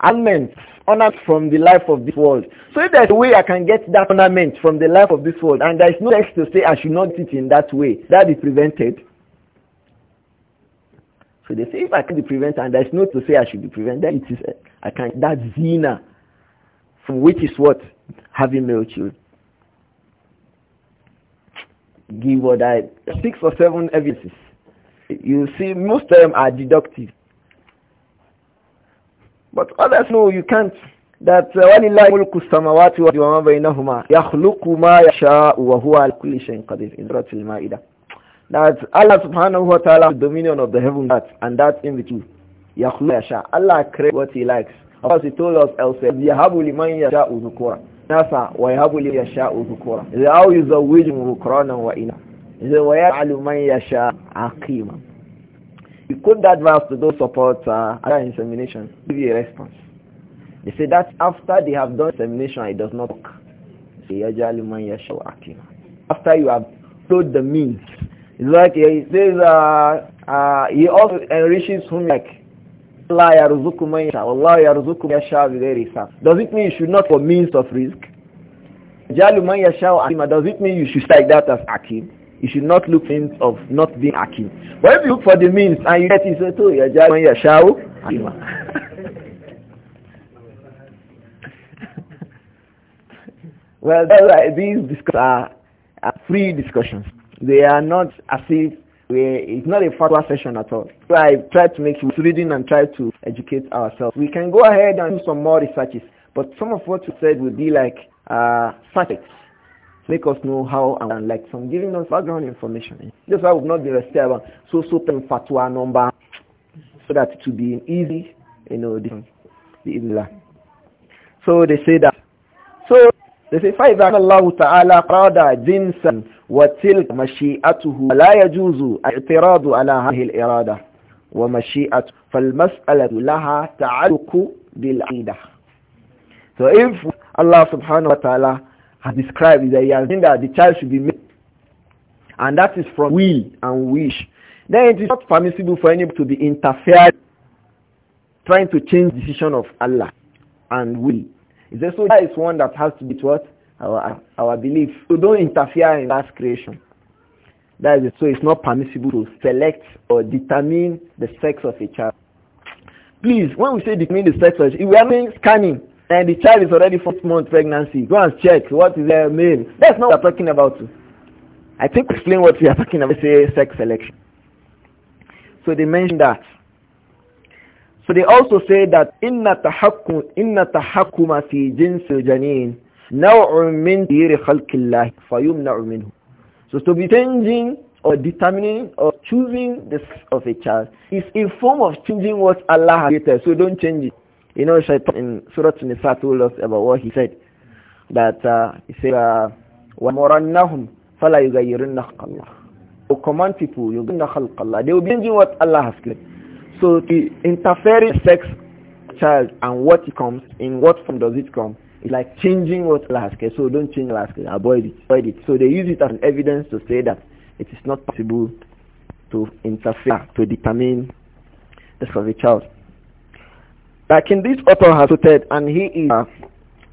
ornament honored from the life of this world. So if there's a way I can get that ornament from the life of this world and there is no text to say I should not it in that way, that is prevented. So they say if I can be prevented and there is no to say I should be prevented, it is I can that zina from which is what? Having male children. Give or die. Six or seven evidences. You see most of them are deductive. But others know you can't. That uh, وَلِلَّهِ مُلْكُ السَّمَوَاتِ وَمَا بَيْنَهُمَا يَخْلُقُ مَا يَشَاءُ وَهُوَ عَلَى كُلِّ شَيْءٍ قَدِيرٌ in Surah Al-Ma'idah. That Allah subhanahu wa ta'ala dominion of the heavens and that in between. يَخْلُقُ yasha Allah creates what He likes. Of He told us elsewhere, يَهَبُ yasha يَشَاءُ ذُكُورًا نَاسَ وَيَهَبُ لِيَشَاءُ ذُكُورًا إِذَا wa ina. ذُكْرَانًا وَإِنَاثًا إِذَا وَيَجْعَلُ مَنْ يَشَاءُ عَقِيمًا you quote that verse to those support uh, other insemination. Give you a response. They say that after they have done insemination, it does not work. After you have told the means, it's like he says, uh, uh, he also enriches whom like. Allah Allah Does it mean you should not for means of risk? Jalu man Does it mean you should strike that as akim? You should not look in of not being akin. But if you look for the means and you get it, say, too, you're just your shao, [laughs] Well, right. these discussions are, are free discussions. They are not as if it's not a fatwa session at all. So I try to make reading and try to educate ourselves. We can go ahead and do some more researches, but some of what you said would be like uh, facts Make us know how and like some giving us background information. That's why we've not been restricted about so certain fatwa number so that it will be easy, you know, the, the So they say that. So they say فَإِذَا اللَّهُ تَعَالَى قَرَادَ جِنْسًا وَتِلْكَ مَشِيئَتُهُ لَا يَجُوزُ الاعتراض على هذه الإرادة ومشيئة فالمسألة لها تعلق بالعقيدة. So if Allah subhanahu wa ta'ala has described that he has seen that the child should be made. And that is from will and wish. Then it is not permissible for anybody to be interfered trying to change the decision of Allah and will. Is there so that is one that has to be what? Our, our belief. So don't interfere in God's creation. That is it. So it's not permissible to select or determine the sex of a child. Please, when we say determine the sex of a child, we are not scanning and the child is already four months pregnancy, go and check what is their name. That's not what we're talking about. I think explain what we are talking about, say sex selection. So they mention that. So they also say that inna tahakkum inna fi jinsil janin min minhu. So to be changing or determining or choosing the sex of a child is a form of changing what Allah has created. So don't change it. You know, in Surah Nisa told us about what he said. That uh, he said, وَمُرَنَّهُمْ فَلَا يُغَيِّرُنَّ خَلْقَ اللَّهِ To command people, يُغَيِّرُنَّ خَلْقَ They will be doing what Allah has said. So the interfering sex child and what it comes, in what form does it come? It's like changing what Allah has said. So don't change Allah has Avoid it. Avoid it. So they use it as an evidence to say that it is not possible to interfere, to determine the sex of a child in this author has said, and he is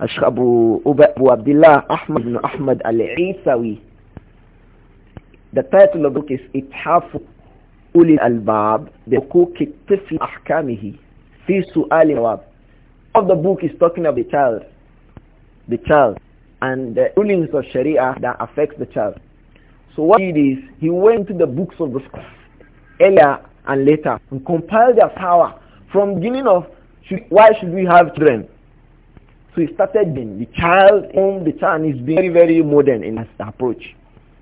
Ashabu Abu, Abdullah Ahmad ibn Ahmad al-Isawi. The title of the book is Ithafu Ulil Al-Bab Bihukuk Tifi Ahkamihi Fi Su'al Wab. Of the book is talking of the child, the child, and the rulings of Sharia that affects the child. So what he did is, he went to the books of the scholars earlier and later and compiled their power from beginning of should, why should we have children? So he started being the child whom the child is being very, very modern in his approach.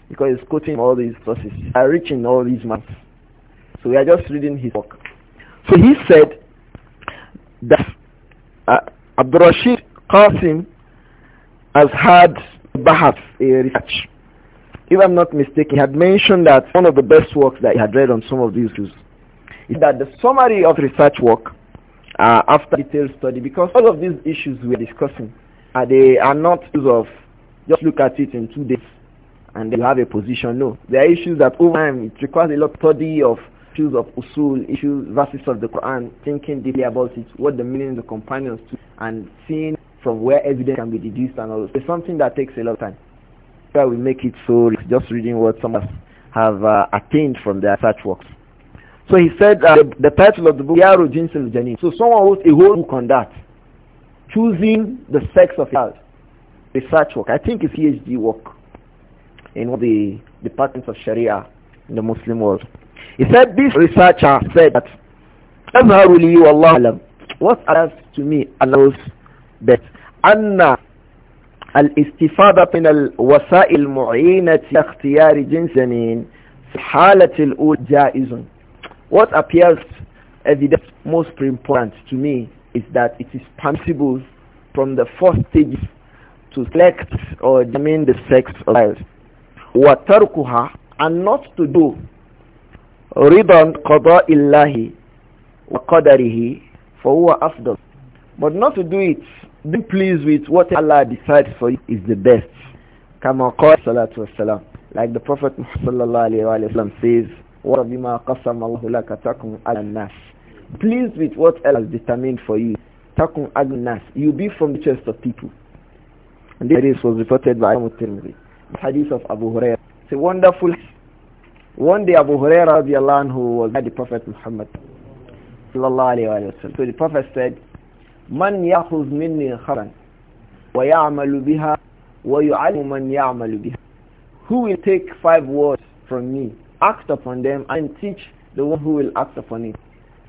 Because he's quoting all these sources, reaching all these marks. So we are just reading his work. So he said that uh, Abdul Rashid Qasim has had perhaps a research. If I'm not mistaken, he had mentioned that one of the best works that he had read on some of these issues is that the summary of research work uh, after detailed study because all of these issues we're discussing they are not issues of just look at it in two days and you have a position. No, there are issues that over time it requires a lot of study of issues of usul, issues, verses of the Quran, thinking deeply about it, what the meaning of the companions to, and seeing from where evidence can be deduced and all. It's something that takes a lot of time. That's we make it so just reading what some have uh, attained from their search works. So he said uh, the, the, title of the book, Jinsil Janin. So someone wrote a whole book on that. Choosing the sex of a child. Research work. I think it's PhD work in one the departments of Sharia in the Muslim world. He said this researcher said that أظهر لي والله أعلم what else to me allows that أن الاستفادة من الوسائل المعينة لاختيار جنس في الحالة الأولى جائز what appears evident most important to me is that it is permissible from the first stage to select or determine the sex of child. وَتَرْكُهَا and not to do رِضًا قَضَاءِ اللَّهِ وَقَدَرِهِ فَهُوَ أَفْضَلُ But not to do it, be pleased with what Allah decides for you is the best. كما قال صلاة والسلام Like the Prophet Muhammad sallallahu alayhi wa sallam says, وَرَبِمَا qasam اللَّهُ لَكَ Pleased with what Allah has determined for you. Takun عَلَى nas You be from the chest of people. And this was reported by Imam Tirmidhi. The hadith of Abu Hurairah. It's a wonderful One day Abu Hurairah radiallahu anhu was by the Prophet Muhammad sallallahu alayhi wa sallam. So the Prophet said, minni يأخذ wa yamalu biha, wa ويعلم man yamalu biha." Who will take five words from me act upon them and teach the one who will act upon it.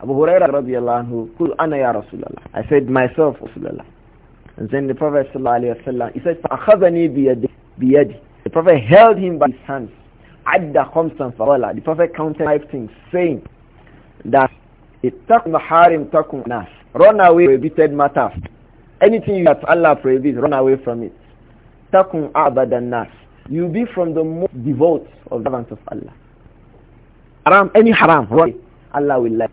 Abu Huraira radiallahu ana ya Rasulallah. I said myself, Rasulallah. And then the Prophet sallallahu alayhi wa sallam, he said, فَأَخَذَنِي بيدي. The Prophet held him by his hands. عَدَّ خَمْسًا فَوَلَى The Prophet counted five things, saying that اتَّقْ مَحَارِمْ تَقُمْ نَاسِ Run away prohibited matters. Anything that Allah prohibits, run away from it. تَقُمْ أَعْبَدَ النَّاسِ You'll be from the most devout of servants of Allah. Haram, any haram, right? Allah will like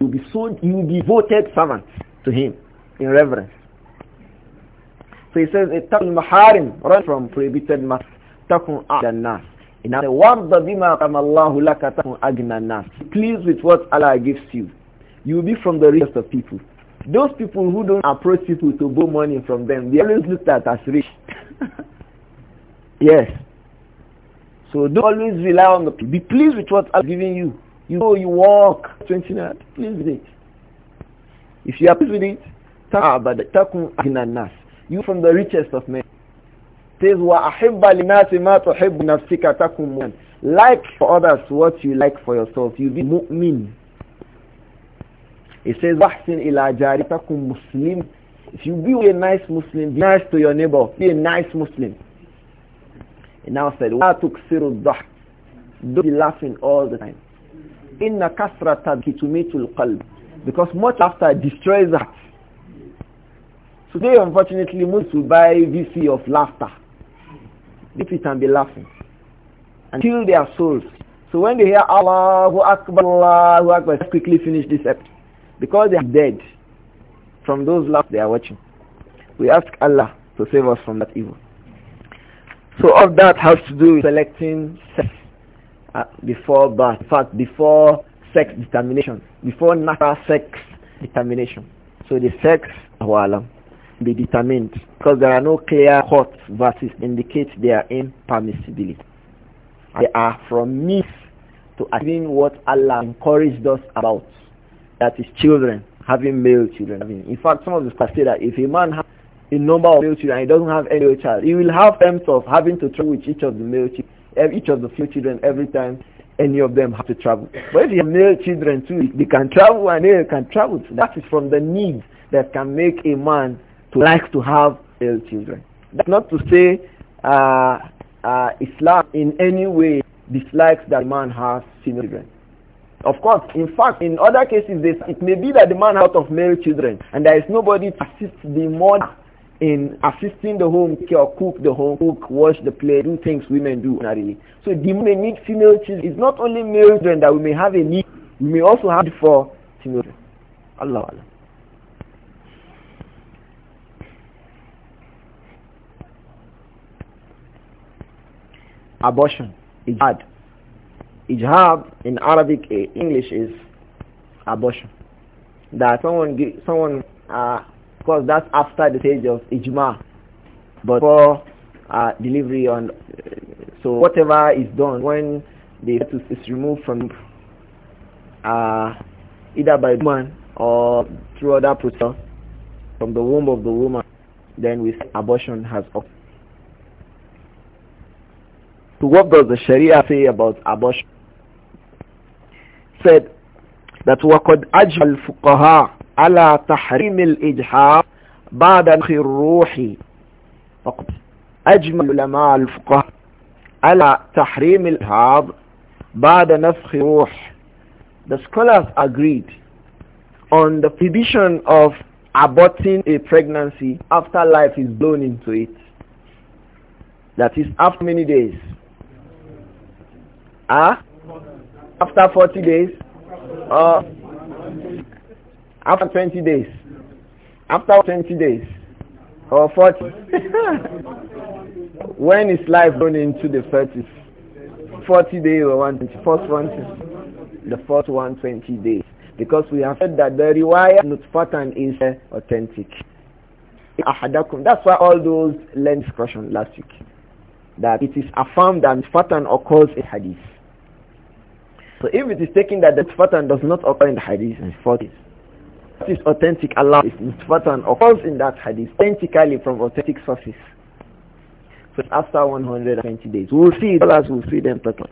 you. will be so, you will be voted servant to him in reverence. So he says, Ittaqul maharim, run from prohibited mas, takun nas. In other words, bima kamallahu laka takun agna nas. Please with what Allah gives you. You will be from the richest of people. Those people who don't approach people to borrow money from them, they are always looked at as rich. [laughs] yes. So don't always rely on the people. Be pleased with what I'm giving you. You know you walk twenty nine. Please with it. If you are pleased with it, takun nas. You from the richest of men. Says wa linasi ma nafsika takun Like for others what you like for yourself. You be mu'min. It says wahsin ila jari muslim. If you be a nice Muslim, be nice to your neighbor. Be a nice Muslim. He now said, "Wa tuksiru dhahk." Don't be laughing all the time. Inna kasrata kitumitul qalb. Because much after destroys that. Today, unfortunately, most will buy VC of laughter. If it can be laughing. And kill their souls. So when they hear Allah, Allahu Akbar, Allahu Akbar, let's quickly finish this episode. Because they are dead from those laughs they are watching. We ask Allah to save us from that evil. So all that has to do with selecting sex uh, before birth. In fact, before sex determination, before natural sex determination. So the sex, Allahu be determined because there are no clear cut verses indicate their impermissibility. They are from means to achieving what Allah encouraged us about. That is children, having male children. In fact, some of the scholars say that if a man has in number of male children. He doesn't have any male child. He will have terms of having to travel with each of the male children, eh, each of the few children every time any of them have to travel. But if you have male children too, they can travel and they can travel. Too. That is from the need that can make a man to like to have male children. That's not to say uh, uh, Islam in any way dislikes that a man has female children. Of course, in fact, in other cases, it may be that the man out of male children and there is nobody to assist the mother in assisting the home care, cook the home, cook, wash the plate, do things women do ordinarily. So the may need female children. It's not only male children that we may have a need, we may also have for female children. Allah Allah. Abortion, ijhad. Ijhab in Arabic, eh, English is abortion. That someone, someone uh, course, that's after the stage of ijma, but for uh, delivery on. Uh, so whatever is done when the fetus is removed from uh, either by the woman or through other process from the womb of the woman, then with abortion has occurred. So what does the Sharia say about abortion? said that what could أَجْمَ الْفُقَهَاءُ على تحريم الإجحاف بعد نفخ الروح فقط أجمل علماء الفقهاء على تحريم الإجحاف بعد نفخ الروح The scholars agreed on the prohibition of aborting a pregnancy after life is blown into it. That is after many days. Huh? Ah? After 40 days? Uh, after 20 days. After 20 days. Or 40. [laughs] when is life going into the 30s? 40 days or 120. First one, the first 120 days. Because we have said that the not nutfatan is authentic. That's why all those learned discussion last week. That it is affirmed that fatan occurs in hadith. So if it is taken that the fatan does not occur in the hadith, in 40s, what is authentic Allah is Mutfatan occurs in that hadith authentically from authentic sources. So after 120 days, we'll see dollars, we'll see them talking.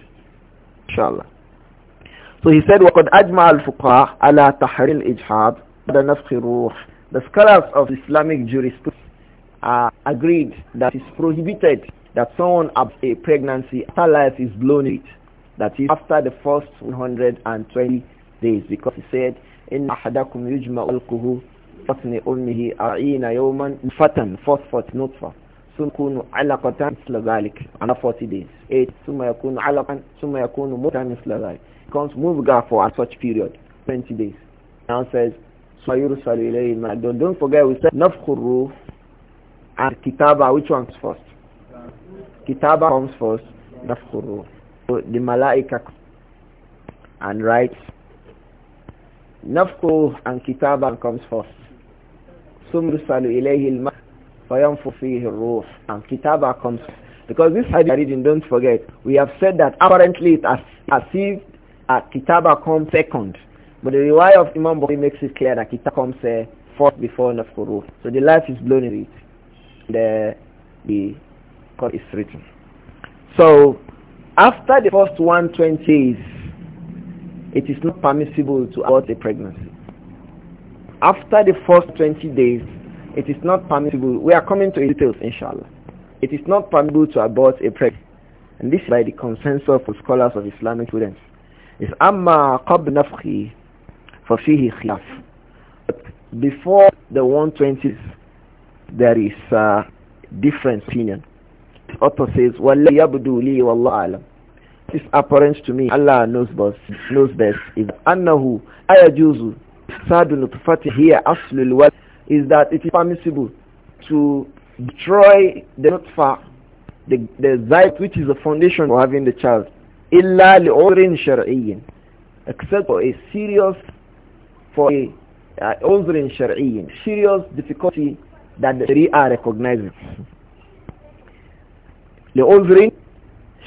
Inshallah. So he said, وَقَدْ أَجْمَعَ الْفُقَهَ عَلَى تَحْرِيمِ الْإِجْحَابِ بَعْدَ نَفْخِ الرُّوحِ The scholars of Islamic jurisprudence uh, agreed that it's prohibited that someone has a pregnancy after life is blown it. That is after the first 120 days because he said إن أحدكم يجمع القه بطن أمه أَعِينَ يوما فتن فصفت نطفة ثم يكون علقة مثل ذلك على 40 days 8 ثم يكون علقة ثم يكون موتا مثل ذلك comes mubga for a such period 20 days now says فيرسل إليه ما don't, don't forget we said نفخ الروح and كتابة which one comes first كتابة comes first نفخ الروح so the malaika and writes Nafku and Kitaban comes first. Sumrusalu ilayhi al-mah fayanfu fihi ruh And Kitaba comes first. Because this hadith reading, don't forget, we have said that apparently it has as if uh, Kitaba comes second. But the riwayah of Imam Bukhari makes it clear that Kitaba comes uh, first before Nafku ruh. So the life is blown in it. The, the Quran is written. So after the first 120 is it is not permissible to abort a pregnancy. After the first 20 days, it is not permissible. We are coming to details, inshallah. It is not permissible to abort a pregnancy. And this is by the consensus of scholars of Islamic students. It's Amma qab nafhi fafihi khilaf. Before the 120s, there is a different opinion. The author says, وَلَا يَبْدُو لِي وَاللَّهُ أَعْلَمُ what is apparent to me, Allah knows best, knows best is annahu ayajuzu sadu nutfati here aslul wal is that it is permissible to destroy the nutfa, the, the zyte which is the foundation for having the child, illa li'urin shar'iyyin, except for a serious, for a uh, uzrin shar'iyyin, serious difficulty that the Sharia recognizes. لعذر [laughs]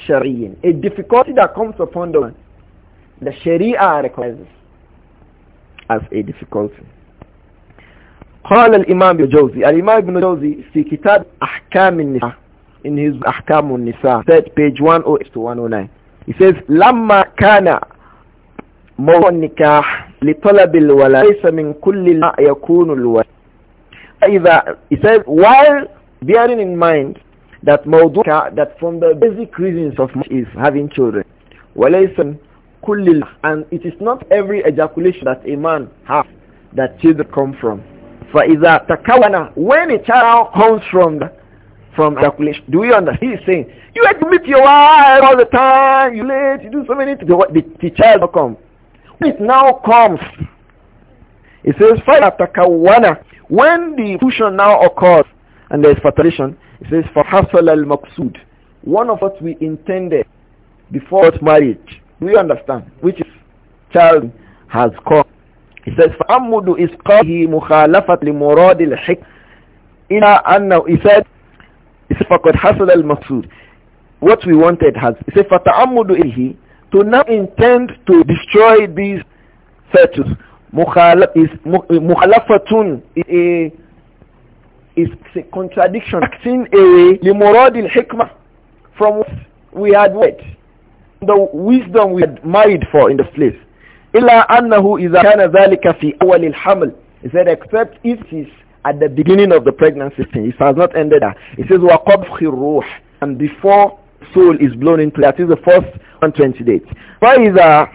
shari'in. A difficulty that comes upon the one, the sharia recognizes as a difficulty. قال الإمام الجوزي الإمام ابن جوزي في كتاب أحكام النساء in his أحكام النساء third page 108 to 109 he says لما كان موضوع النكاح لطلب الولاء ليس من كل ما يكون الولاء إذا he says while bearing in mind that mawdu'a that from the basic reasons of is having children walaysa kulli and it is not every ejaculation that a man has that children come from فإذا تكون when a child comes from the, from ejaculation do you understand he's saying you have to meet your wife all the time you late you do so many things the, the child will come it now comes it says فإذا تكون when the fusion now occurs and there is fertilization it says, for al الْمَقْصُودِ One of what we intended before marriage, do you understand? Which is child has come. He says, فَأَمُّدُ إِسْقَاهِ مُخَالَفَةً لِمُرَادِ الْحِكْمِ إِلَىٰ أَنَّهُ He said, for says, فَقَدْ حَصَلَ الْمَقْصُودِ What we wanted has. It says, فَتَعَمُّدُ إِلْهِ To now intend to destroy these fetus. مُخَالَفَةٌ is a it's a contradiction. Acting away limuradil hikmah from what we had met, the wisdom we had married for in the place. إلا annahu is a. ذلك في He said except if it's at the beginning of the pregnancy thing. It has not ended there. It says waqab الروح And before soul is blown into that is the first 120 days. Why is that?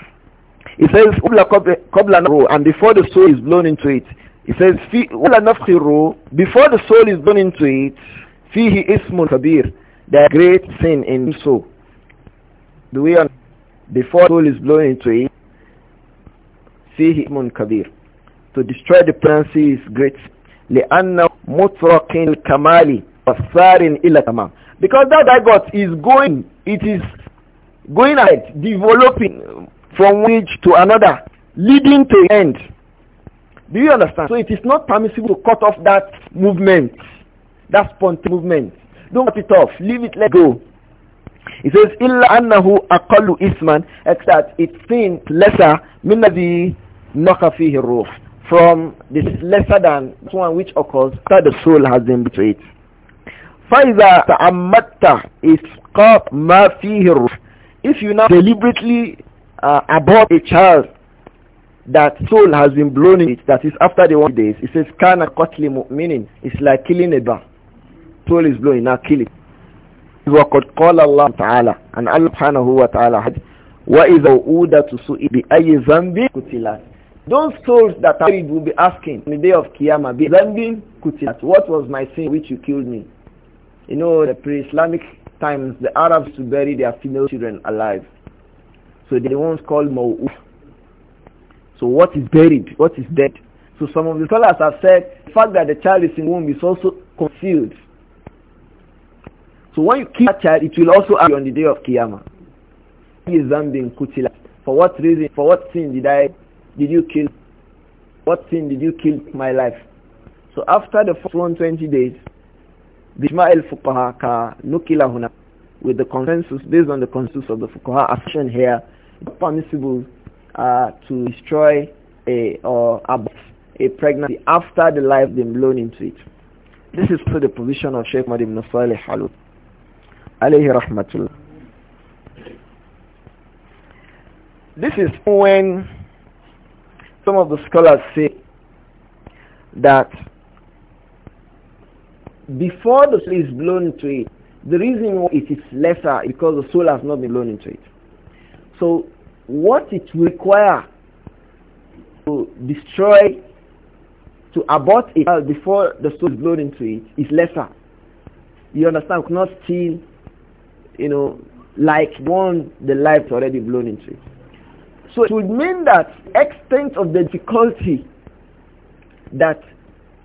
it says قَبْلَ and before the soul is blown into it he says, before the soul is born into it, fihi ismun kabir, the great sin in soul. the way. on, Before soul is blown into it, fihi ismun kabir. To destroy the pregnancy is great. لأنه مطرق الكمال وصار إلى كمال. Because that that God is going, it is going ahead, developing from which to another, leading to end. Do you understand? So it is not permissible to cut off that movement, that spontaneous movement. Don't cut it off. Leave it, let go. It says, إِلَّا أَنَّهُ أَقَلُّ إِثْمًا Except it seems lesser مِنَّ the نَقَ From this lesser than this one which occurs after the soul has been betrayed. فَإِذَا تَعَمَّدْتَ إِسْقَاطْ مَا فِيهِ الروح. If you now deliberately uh, abort a child that soul has been blown in it, that is after the one days. It says, Kana kotli meaning it's like killing a bar. Soul is blown, now kill it. وقد قال الله تعالى عن الله سبحانه وتعالى وإذا أودت سوء بأي ذنب قتلت Those souls that are buried will be asking on the day of Qiyamah, be Zambin Kutilat, what was my sin which you killed me? You know, the pre-Islamic times, the Arabs to bury their female children alive. So won't called Maw'uf, so what is buried? What is dead? So some of the scholars have said the fact that the child is in womb is also concealed. So when you kill a child, it will also happen on the day of Qiyamah. He is being kutila. For what reason? For what sin did I, did you kill? What sin did you kill my life? So after the first 120 days, the Ishmael Fuqaha ka nukila huna, with the consensus, based on the consensus of the fukaha action here, it's permissible uh, to destroy a or abort a pregnancy after the life been blown into it. This is for the position of Sheikh Muhammad ibn Salih Alayhi rahmatullah. This is when some of the scholars say that before the soul is blown into it, the reason why it is lesser is because the soul has not been blown into it. So what it will require to destroy, to abort it before the soul is blown into it is lesser. You understand? Not still, you know, like one the life already blown into it. So it would mean that extent of the difficulty that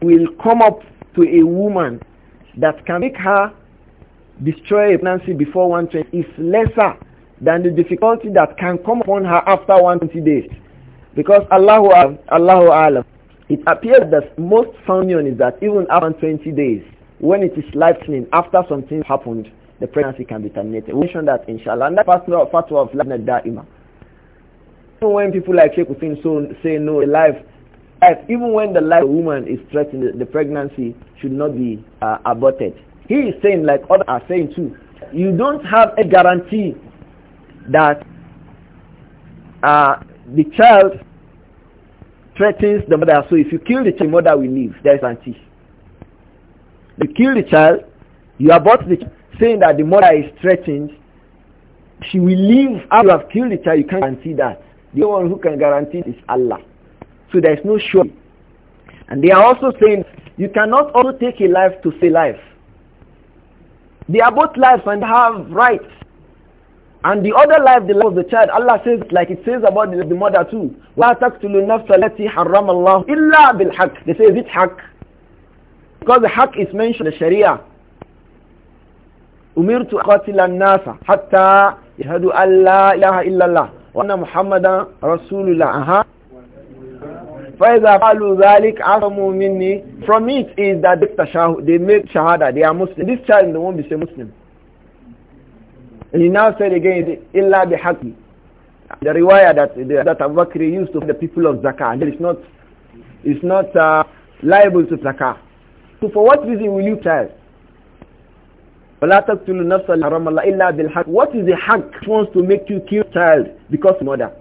will come up to a woman that can make her destroy a pregnancy before one twenty is lesser than the difficulty that can come upon her after 120 days. Because Allahu Alam, Allahu Alam, it appears that most opinion is that even after 20 days, when it is lightning, after something happened, the pregnancy can be terminated. We mentioned that inshallah. And that fatwa of, fatwa of Lajna Da'ima. Even when people like Sheikh Hussein so, say no, the life, life, even when the life of a woman is threatened, the, the pregnancy should not be uh, aborted. He is saying, like others are saying too, you don't have a guarantee that uh, the child threatens the mother. So if you kill the child, the mother will leave. There is an anti. You kill the child, you abort the child, saying that the mother is threatened. She will leave after you have killed the child. You can't guarantee that. The only one who can guarantee is Allah. So there is no sure. And they are also saying you cannot also take a life to save life. They are both lives and have rights. And the other life, the life of the child, Allah says, like it says about the, mother too, وَلَا تَقْتُلُ النَّفْسَ الَّتِي حَرَّمَ اللَّهُ إِلَّا بِالْحَقِّ They say, is it haq? Because the is mentioned in the Sharia. أُمِرْتُ أَقَاتِلَ النَّاسَ حَتَّى يَهَدُوا أَلَّا إِلَهَ إِلَّا اللَّهُ وَأَنَّ مُحَمَّدًا رَسُولُ اللَّهِ فَإِذَا قَالُوا ذَلِكَ مِنِّي From it is that they make shahada, they are Muslim. This child won't be a Muslim. And he now said again, illa bihaqi. The riwayah that, the, that Abu Bakr used to the people of Zakah, it's not, it's not uh, liable to Zakah. So for what reason will you tell? What is the hack that wants to make you kill child because mother?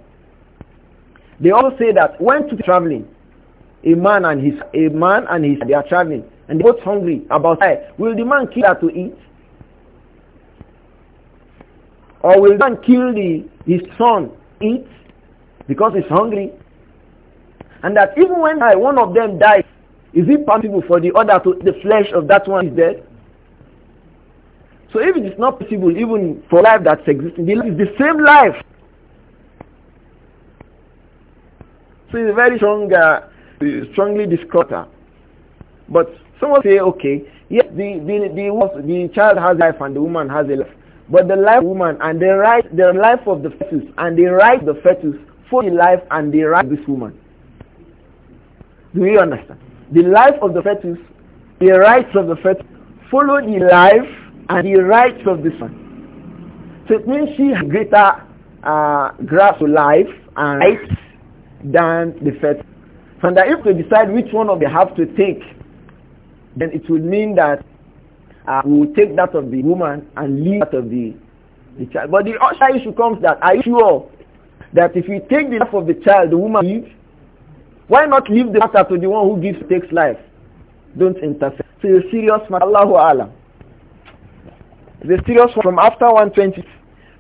They all say that when to traveling, a man and his a man and his they are traveling and they both hungry about hey, will the man kill her to eat? Or will then kill the, his son, eat, because he's hungry? And that even when I, one of them dies, is it possible for the other to, the flesh of that one is dead? So if it is not possible even for life that's existing, it's the same life. So it's a very strong, uh, strongly discussed. But someone say, okay, yes, the, the, the, the child has life and the woman has a life. But the life of the woman and the, right, the life of the fetus and the right of the fetus for the life and the right of this woman. Do you understand? The life of the fetus, the rights of the fetus follow the life and the rights of this one. So it means she has greater uh, grasp of life and rights than the fetus. And that if they decide which one of they have to take, then it would mean that and we will take that of the woman and leave that of the, the child. But the other issue comes that are you sure that if you take the life of the child, the woman leaves? Why not leave the matter to the one who gives takes life? Don't interfere. It's a serious matter. Allahu Alam. The serious one from after 120.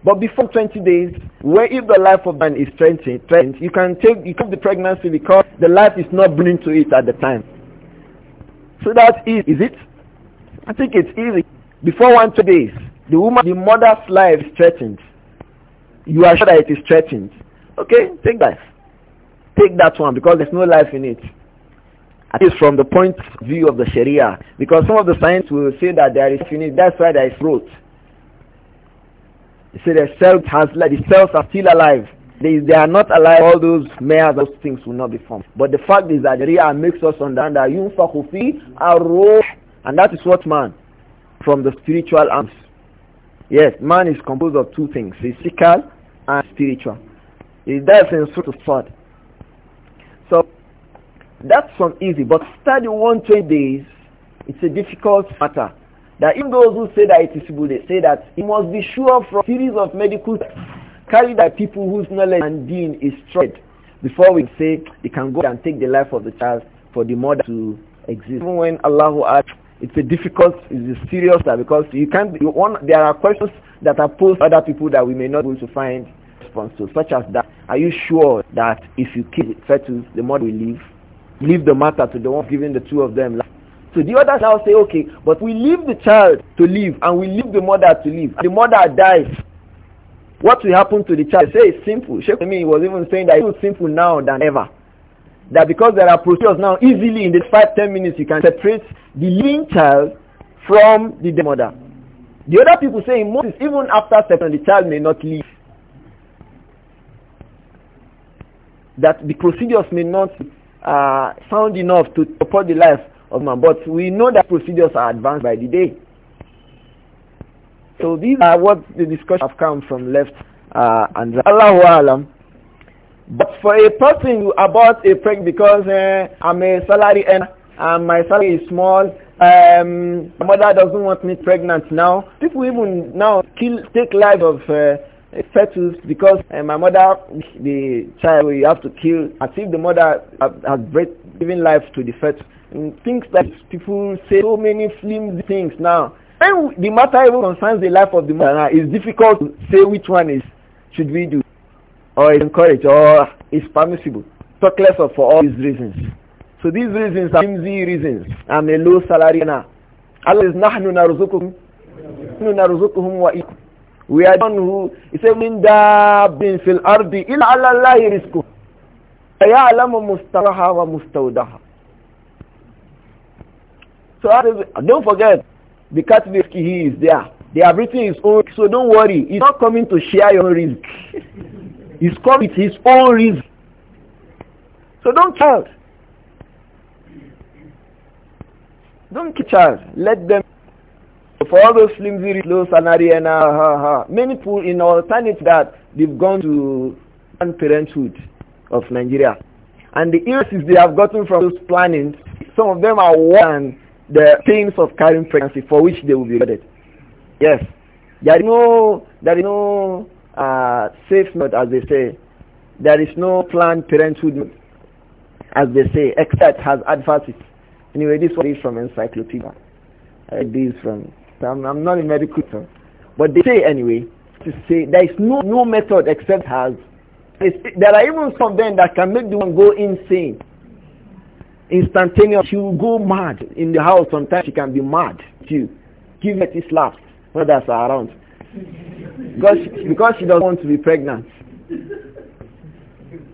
But before 20 days, where if the life of man is threatened, you can take you keep the pregnancy because the life is not bringing to it at the time. So that is, is it? I think it's easy. Before one two days, the woman, the mother's life is threatened. You are sure that it is threatened. Okay, take that. Take that one because there's no life in it. At least from the point of view of the Sharia. Because some of the science will say that there is finite. That's why there is growth. They say the cell has The cells are still alive. They, they are not alive. All those mayors, those things will not be formed. But the fact is that the Sharia makes us understand that you فِي الروح and that is what man, from the spiritual arms. Yes, man is composed of two things, physical and spiritual. It does in sort of thought. So that's some easy, but study 120 days, it's a difficult matter. That even those who say that it is good, they say that it must be sure from series of medical carried by people whose knowledge and deen is tried before we say they can go and take the life of the child for the mother to exist. Even when Allahu Akbar it's a difficult, it's a serious because you can't, you want, there are questions that are posed other people that we may not be able to find response to, such as that. Are you sure that if you kill fetus, the mother will live? Leave the matter to the one giving the two of them. So the others now say, okay, but we leave the child to live and we leave the mother to live. The mother dies. What will happen to the child? They say it's simple. to me was even saying that it's simple now than ever that because there are procedures now easily in the five ten minutes you can separate the lean child from the dead mother. The other people say in Moses even after separation the child may not leave. That the procedures may not uh, sound enough to support the life of man, but we know that procedures are advanced by the day. So these are what the discussion have come from left uh, and right. Allahu Alam. But for a person who about a prank because uh, I'm a salary earner and my salary is small, um, my mother doesn't want me pregnant now. People even now kill, take life of uh, fetus because uh, my mother, the child we have to kill as if the mother has given life to the fetus. And things that people say so many flimsy things now. And the matter even concerns the life of the mother. It's difficult to say which one is should we do or is encouraged or is permissible. Talk less for all these reasons. So these reasons are flimsy reasons. I'm a low salary now. Allah is nahnu narzukukum. Nahnu narzukuhum wa We are one who is a min dabbin fil ardi illa ala Allahi rizku. Ya'lamu mustaraha wa mustawdaha. So don't forget, the risk he is there. They have written his own, so don't worry. He's not coming to share your risk. [laughs] He's come with his own reason. So don't child. Don't child. Let them. For all those flimsy low salary and ah, ah, ah. many people in alternate that they've gone to parenthood of Nigeria. And the illnesses they have gotten from those planning, some of them are worse than the pains of carrying pregnancy for which they will be rewarded. Yes. There is no, there is no uh, safe mode, as they say. There is no planned parenthood, as they say, except has advantages. Anyway, this one is from encyclopedia. Uh, I read this from, I'm, I'm not a medical doctor. But they say anyway, to say there is no, no method except has. there are even some then that can make the one go insane. Instantaneous, she will go mad. In the house sometimes she can be mad too. Give it slaps when others are around because, because she doesn't want to be pregnant.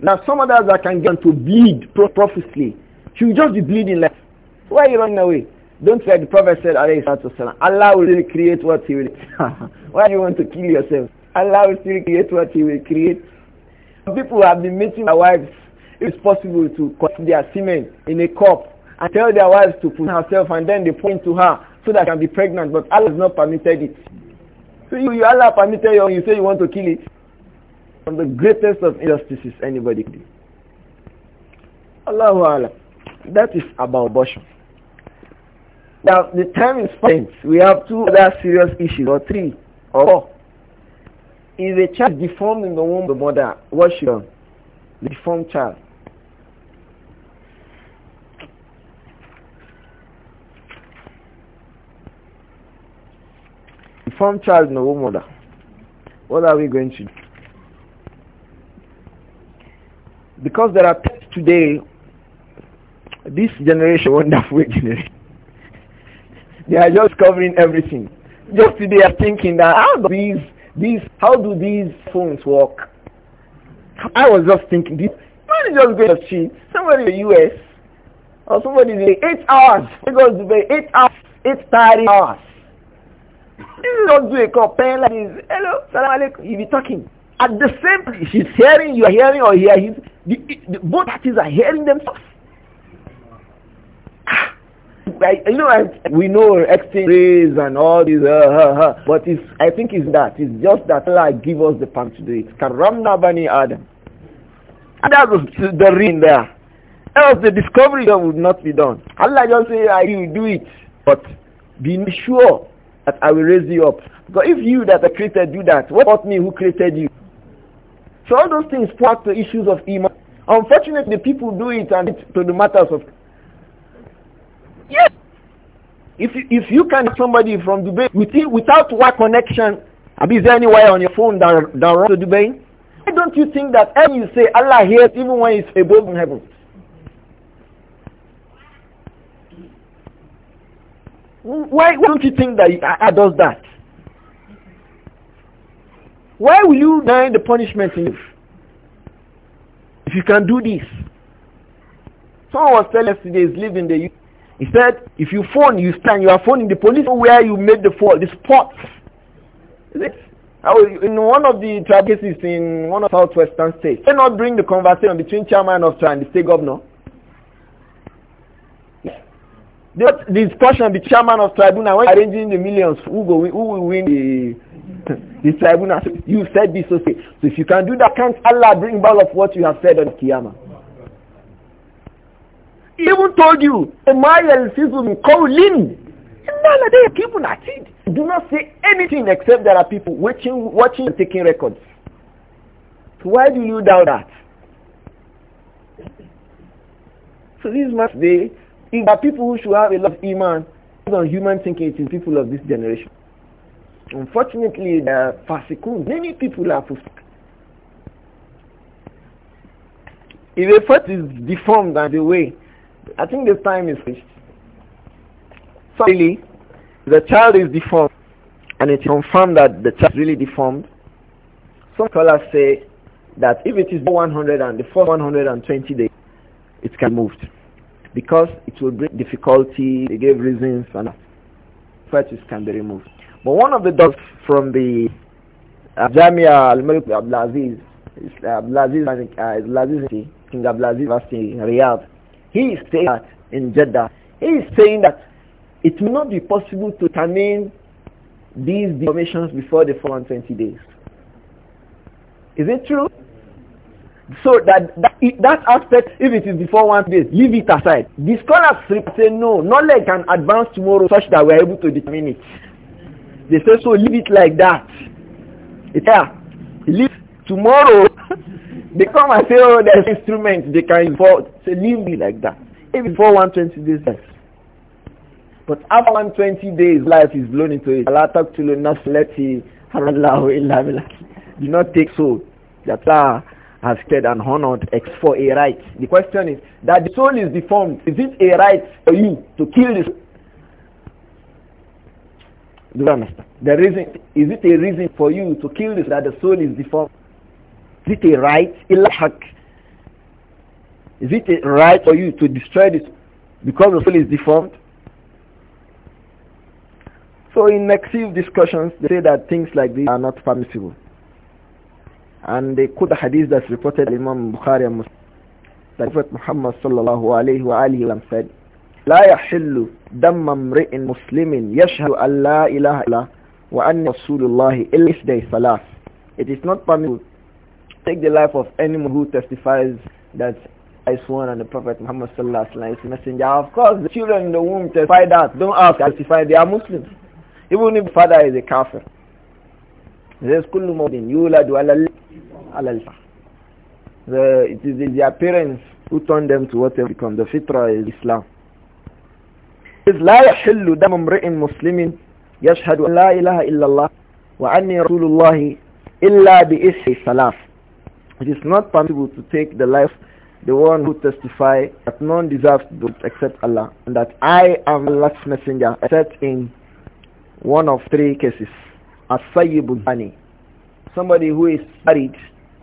Now some others that can get to bleed pro profusely. She will just be bleeding like, why are you running away? Don't say the Prophet said, Allah will really create what he will. [laughs] why do you want to kill yourself? Allah will still create what he will create. People have been meeting their wives. It's possible to cut their semen in a cup and tell their wives to put herself and then they point to her so that she can be pregnant but Allah has not permitted it. So you, you Allah permitted you, you say you want to kill it. From the greatest of injustices anybody could do. Allahu Allah. That is about abortion. Now the time is spent. We have two other serious issues, or three, or four. If a child deformed in the womb of the mother, what should the deformed child? From child, no mother. What are we going to do? Because there are today, this generation, [laughs] wonderful generation, they are just covering everything. Just today are thinking that how do these, these, how do these phones work? I was just thinking, this man is just going to cheat. Somebody in the US or somebody in the 8 hours, because Dubai, 8 hours, 8 hours. This is not do a compare like this, hello, salam alaikum, you'll be talking. At the same she's hearing, you're hearing, or hear him. the, the, both parties are hearing themselves. Ah, I, you know, I, we know X-rays and all this, uh, uh, uh, but it's, I think it's that. It's just that Allah give us the power to do it. Karamna bani Adam. And that was the ring there. Else the discovery would not be done. Allah just say, I will do it. But be sure that I will raise you up. Because if you that are created do that, what about me who created you? So all those things point the issues of iman. Unfortunately, people do it and it to the matters of yes. If you, if you can somebody from Dubai without what connection, be there anywhere on your phone that that runs to Dubai? Why don't you think that every you say Allah hears even when it's above in heaven? Why, why don't you think that Allah does that? Why will you deny the punishment if, if you can do this? Someone was telling us today is living the He said, if you phone, you stand, you are phoning the police where you made the phone, the spot. Is it? in one of the trial cases in one of southwestern states, they not bring the conversation between chairman of and the state governor the discussion the chairman of tribunal when arranging the millions who go who will win the [laughs] the tribunal you said this so say so if you can do that can't allah bring back of what you have said on kiyama he even told you emayel sizum kowlin people atid do not say anything except there are people watching watching and taking records so why do you doubt that so this must be is that people who should have a lot of iman based on human thinking, it is people of this generation. Unfortunately, the fasikun, many people are fusik. If a foot is deformed and the way, I think the time is reached. Finally, the child is deformed and it's confirmed that the child is really deformed. Some scholars say that if it is 100 and the first 120 days, it can move. moved because it will bring difficulty. They gave reasons and fetches can be removed. But one of the dogs from the uh, Jamia Al-Malik Abdulaziz, uh, Abdulaziz, uh, Abdulaziz, King Abdulaziz Vasti in Riyadh, he is saying that in Jeddah, he is saying that it may not be possible to terminate these deformations before the 420 days. Is it true? So that, that, that aspect, if it is before one day, leave it aside. The scholars say no, knowledge can advance tomorrow such that we are able to determine it. They say so, leave it like that. Yeah, leave tomorrow. [laughs] they come and say, oh, there's instrument they can import. Say, so leave it like that. Even before 120 days, yes. But after 120 days, life is blown into it. Allah talk to Do not take soul. That's ah, has stayed and honored X for a right. The question is that the soul is deformed. Is it a right for you to kill this? Do you understand? The reason is it a reason for you to kill this that the soul is deformed? Is it a right? Ilahak. Is it a right for you to destroy this because the soul is deformed? So in next few discussions, they say that things like this are not permissible. And they quote the hadith that's reported Imam Bukhari and Muslim. Prophet Muhammad sallallahu alayhi wa alihi wa said, لا يحل دم امرئ مسلم يشهد أن لا إله إلا وأن رسول الله إلا إحدى ثلاث. It is not permitted to take the life of anyone who testifies that I sworn on the Prophet Muhammad sallallahu alaihi wasallam is messenger. Of course, the children in the womb testify that. Don't ask, testify they are Muslims. Even if father is a kafir. There's al-alfa. The, it is the parents who turn them to what they become. The fitrah is Islam. إذ لا يحل دم امرئ مسلم يشهد أن لا إله إلا الله وأني رسول الله إلا بإسح ثلاث It is not possible to take the life the one who testify that none deserves to except Allah and that I am Allah's messenger except in one of three cases. As-sayyibun somebody who is married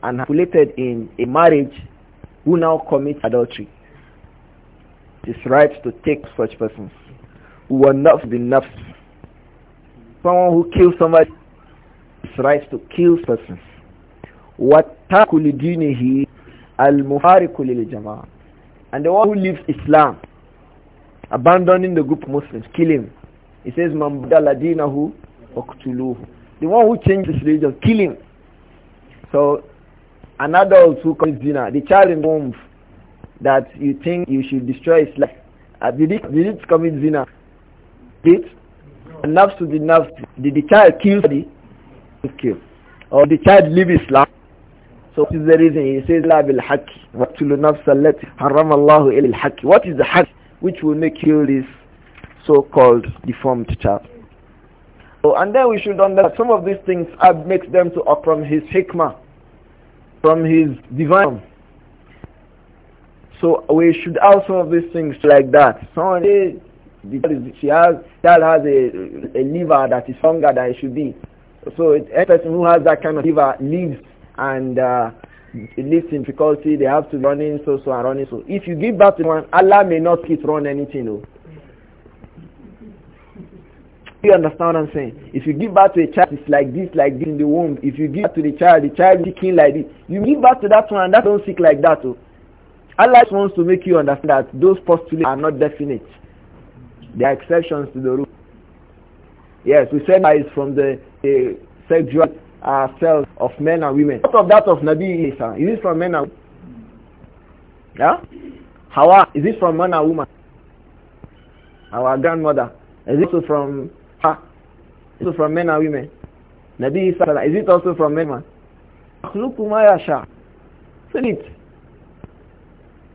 and related in a marriage who now commits adultery. It is right to take such persons. Who were not the nafs. Someone who kills somebody it's right to kill persons. وَاتَّقُ لِدِينِهِ الْمُفَارِقُ And the one who leaves Islam, abandoning the group of Muslims, kill him. He says, مَنْ بَدَلَ The one who changes religion, kill him. So an adult who commits zina, the child in womb that you think you should destroy his life, uh, did, it, did it commit zina? Did it? Nafs to the nafs. Did the child kill somebody? Kill. Or the child leave Islam? So this is the reason he says la bil haqq wa tulu allati haram allahu illa haqq. What is the haqq which will make you this so-called deformed child? So, and then we should understand some of these things makes them to occur from his hikmah from his divine. So we should have some of these things like that. Someone is, she has, child has a, a liver that is stronger than it should be. So it, a person who has that kind of liver lives and uh, lives in difficulty. They have to run in so so and running so. If you give back to one, Allah may not keep run anything. Though you understand what I'm saying? If you give birth to a child, it's like this, like this in the womb. If you give birth to the child, the child is sick like this. You give birth to that one, and that don't sick like that. Oh. Allah wants to make you understand that those postulates are not definite. They are exceptions to the rule. Yes, we said it is from the uh, sexual uh, cells of men and women. What of that of Nabi Isa? Is it from men and women? Yeah? Hawa, is it from man and woman? Our grandmother. Is it also from Ah, so from men and women. Nabi Isa, is it also from men? Yasha. Sell it.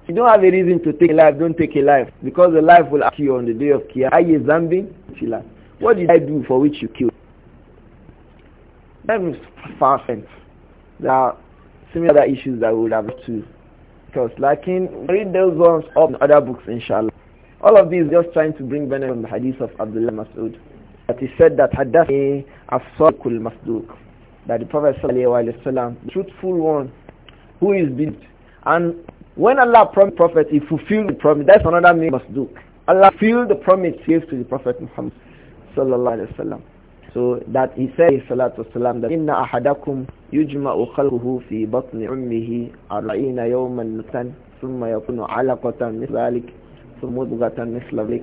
If you don't have a reason to take a life, don't take a life. Because the life will ask you on the day of Kiyah. Are you Zambi? Shila. What did I do for which you killed? That is far fence. There are similar issues that we would have to discuss. Like in, read those ones up in other books, inshallah. All of these just trying to bring benefit from the hadith of Abdullah Mas'ud that he said that Hadathani As-Sadiqul Masduq, that the Prophet Sallallahu the truthful one, who is believed. And when Allah promised Prophet, he fulfilled the promise. That's another meaning Masduq. Allah fulfilled the promise he gave to the Prophet Muhammad Sallallahu Alaihi Wasallam. So that he said Salatu Wasallam that Inna ahadakum yujma'u khalquhu fi batni ummihi arba'ina yawman nutan ثم يكون علقة مثل ذلك ثم مضغة مثل ذلك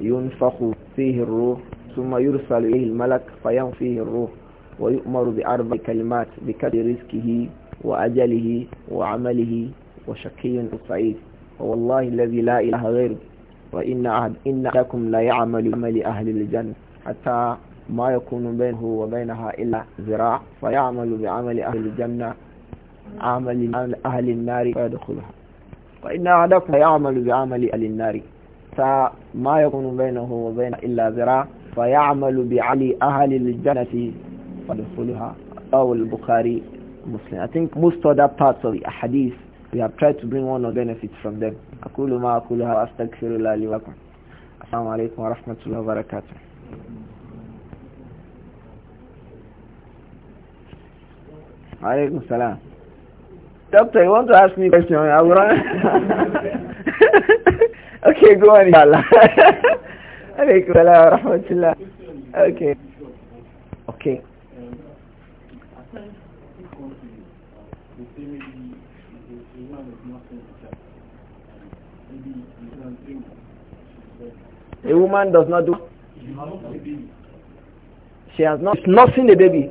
ينفخ فيه الروح ثم يرسل إليه الملك فيه الروح ويؤمر بأربع كلمات بكد رزقه وأجله وعمله وشقي وسعيد والله الذي لا إله غيره وإن أحد إن لكم لا يعمل عمل أهل الجنة حتى ما يكون بينه وبينها إلا ذراع فيعمل بعمل أهل الجنة عمل أهل النار فيدخلها وإن أحدكم يعمل بعمل أهل النار ما يكون بينه وبين إلا ذراع فيعمل بعلي أهل الجنة فدخلها أو البخاري مسلم I think most of that parts of the hadith we have tried to bring one or benefits from them. أقول ما أقولها أستغفر الله لي ولكم. السلام عليكم ورحمة الله وبركاته. عليكم السلام. Doctor, you want to ask me a question? I will. run. [laughs] Okay, go on, inshallah. [laughs] Alaykum wa rahmatullah. Okay. Okay. A woman does not do. She has not not seen a baby.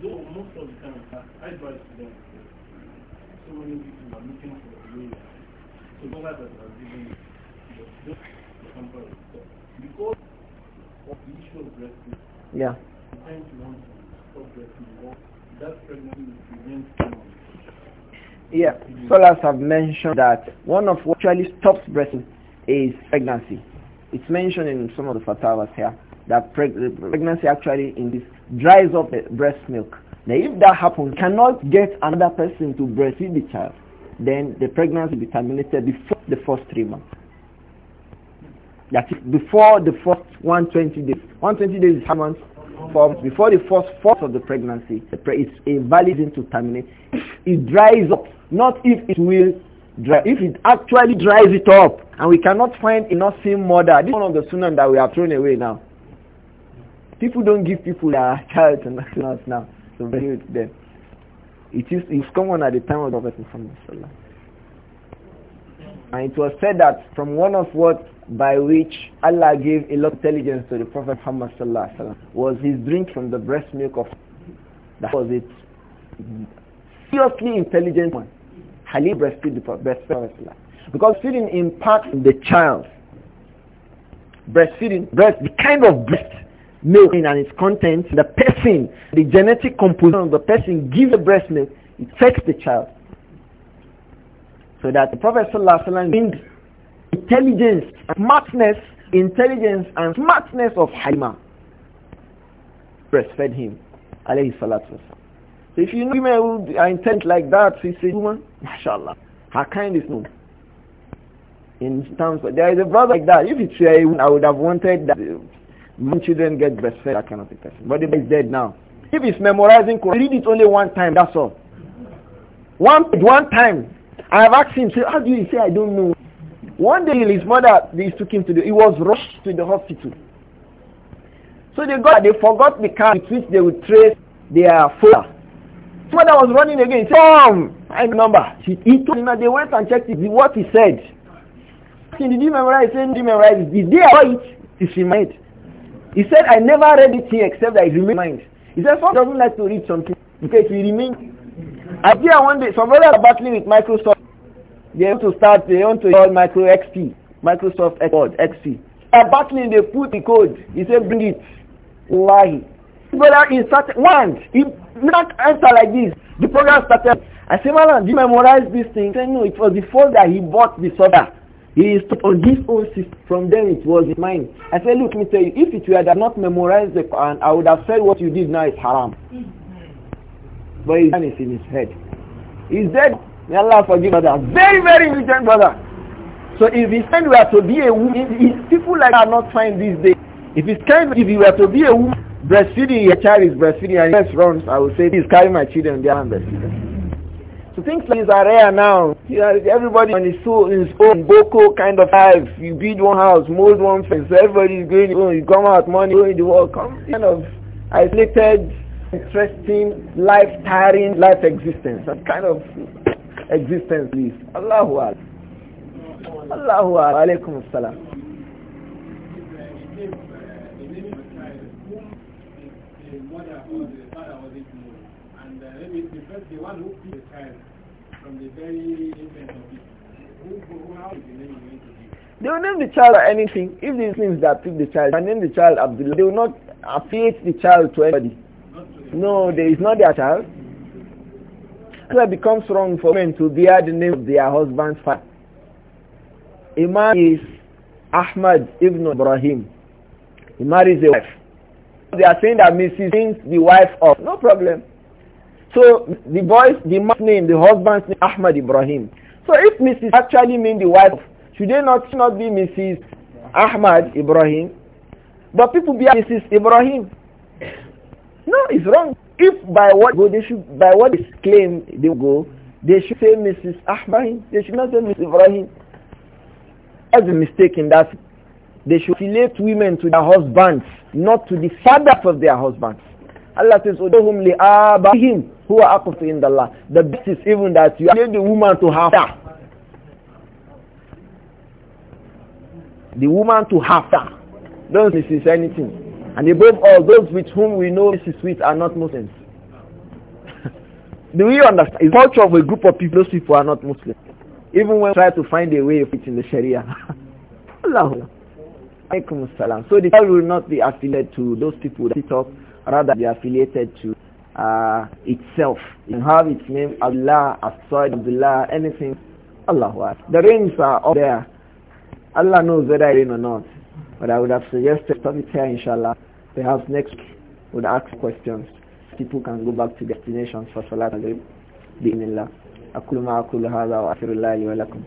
Though most of the time, I advise Yeah. Yeah, scholars have mentioned that one of what actually stops breastfeeding is pregnancy. It's mentioned in some of the fatwas here that preg pregnancy actually in this dries up the breast milk. Now if that happens, cannot get another person to breastfeed the child then the pregnancy will be terminated before the first three months. That is before the first 120 days. 120 days is how much Forms. Before the first fourth of the pregnancy, it's a valid reason to terminate. It dries up. Not if it will dry. If it actually dries it up and we cannot find a nursing mother, this is one of the sunan that we have thrown away now. People don't give people their child and nursing now. So very it to them. It is it's common at the time of the Prophet Muhammad sallallahu and it was said that from one of what by which Allah gave a lot of intelligence to the Prophet Muhammad sallallahu alaihi wasallam was his drink from the breast milk of that was it seriously intelligent one Halib breastfeed the Prophet because feeding impacts the child breastfeeding breast the kind of breast milk and its contents, the person, the genetic composition of the person gives the breast milk, it affects the child. So that the Prophet brings intelligence, smartness, intelligence and smartness of Halima breastfed him. Alayhi salatu So if you know women who are intent like that, she's a woman, mashallah. Her kind is known. In terms of, there is a brother like that. If it's a woman, I would have wanted that when children get breastfed, that kind of a But the is dead now. If he's memorizing Quran, read it only one time, that's all. One one time. I have asked him, say, how do you say I don't know? One day his mother they took him to the he was rushed to the hospital. So they got they forgot the car with which they would trace their father. His mother was running again. He said, I remember. He, told him that they went and checked it, what he said. He said, Did you memorize? He said, Did you memorize? Did they it? It's in my head. He said, I never read it here except that it remains mind. He said, someone doesn't like to read something because it remains. I hear one day, some brothers are battling with Microsoft. They want to start, they want to call Micro XP, Microsoft Word, XP. Are battling, they put the code. He said, bring it. Why? Brother inserted one. He not answer like this. The program started. I said, Malan, do you memorize this thing? He said, no, it was the fault that he bought the software. He is on his own. sins. From then it was his mind. I said, look, me tell you, if it were that not memorized the Quran, I would have said what you did now is haram. But his hand is in his head. He's dead. May Allah forgive brother. Very, very intelligent brother. So if his hand were to be a woman, people like that are not fine these days. If his kind, if he were to be a woman, breastfeeding your child is breastfeeding, and runs, I would say, please carry my children, they are breastfeeding. So things like these are rare now. Everybody on his, soul, his own boko kind of life. You build one house, mold one fence. Everybody is going, oh, you come out, money, going oh, the world, come. Kind of isolated, interesting, life-tiring, life existence. That kind of existence is. Allahu Akbar. Allahu Akbar. Alaykum as salam. Uh, the one who from the very infant of it, who, who, the name They will name the child anything. If the Muslims that pick the child, and name the child Abdullah. They will not affiliate the child to anybody. no, there is not their child. So it becomes wrong for men to bear the name of their husband's father. A man is Ahmad ibn Ibrahim. He marries a wife. They are saying that Mrs. is the wife of. No problem. So the boy's, the man's name, the husband's name, Ahmad Ibrahim. So if Mrs. actually mean the wife, should they not, not be Mrs. Ahmad Ibrahim? But people be Mrs. Ibrahim. No, it's wrong. If by what go, they should, by what is they claim they go, they should say Mrs. Ahmad. They should not say Mrs. Ibrahim. That's a mistake in that. They should relate women to their husbands, not to the father of their husbands. Allah says, Udohum li abahim who are aqftu in law." The best is even that you need the woman to have that. The woman to have that. Don't resist anything. And above all, those with whom we know this is sweet are not Muslims. [laughs] Do you understand? It's culture of a group of people, those people are not Muslims. Even when we try to find a way of it in the Sharia. [laughs] Allah. Alaikum So the child will not be affiliated to those people that sit up rather be affiliated to uh, itself. You have its name Allah, As-Said, Abdullah, anything. Allah. The rings are up there. Allah knows whether I rain or not. But I would have suggested stop it here, inshallah. Perhaps next we would ask questions. People can go back to destinations for Salat al-Ghib. بإذن أقول ما أقول هذا الله لي ولكم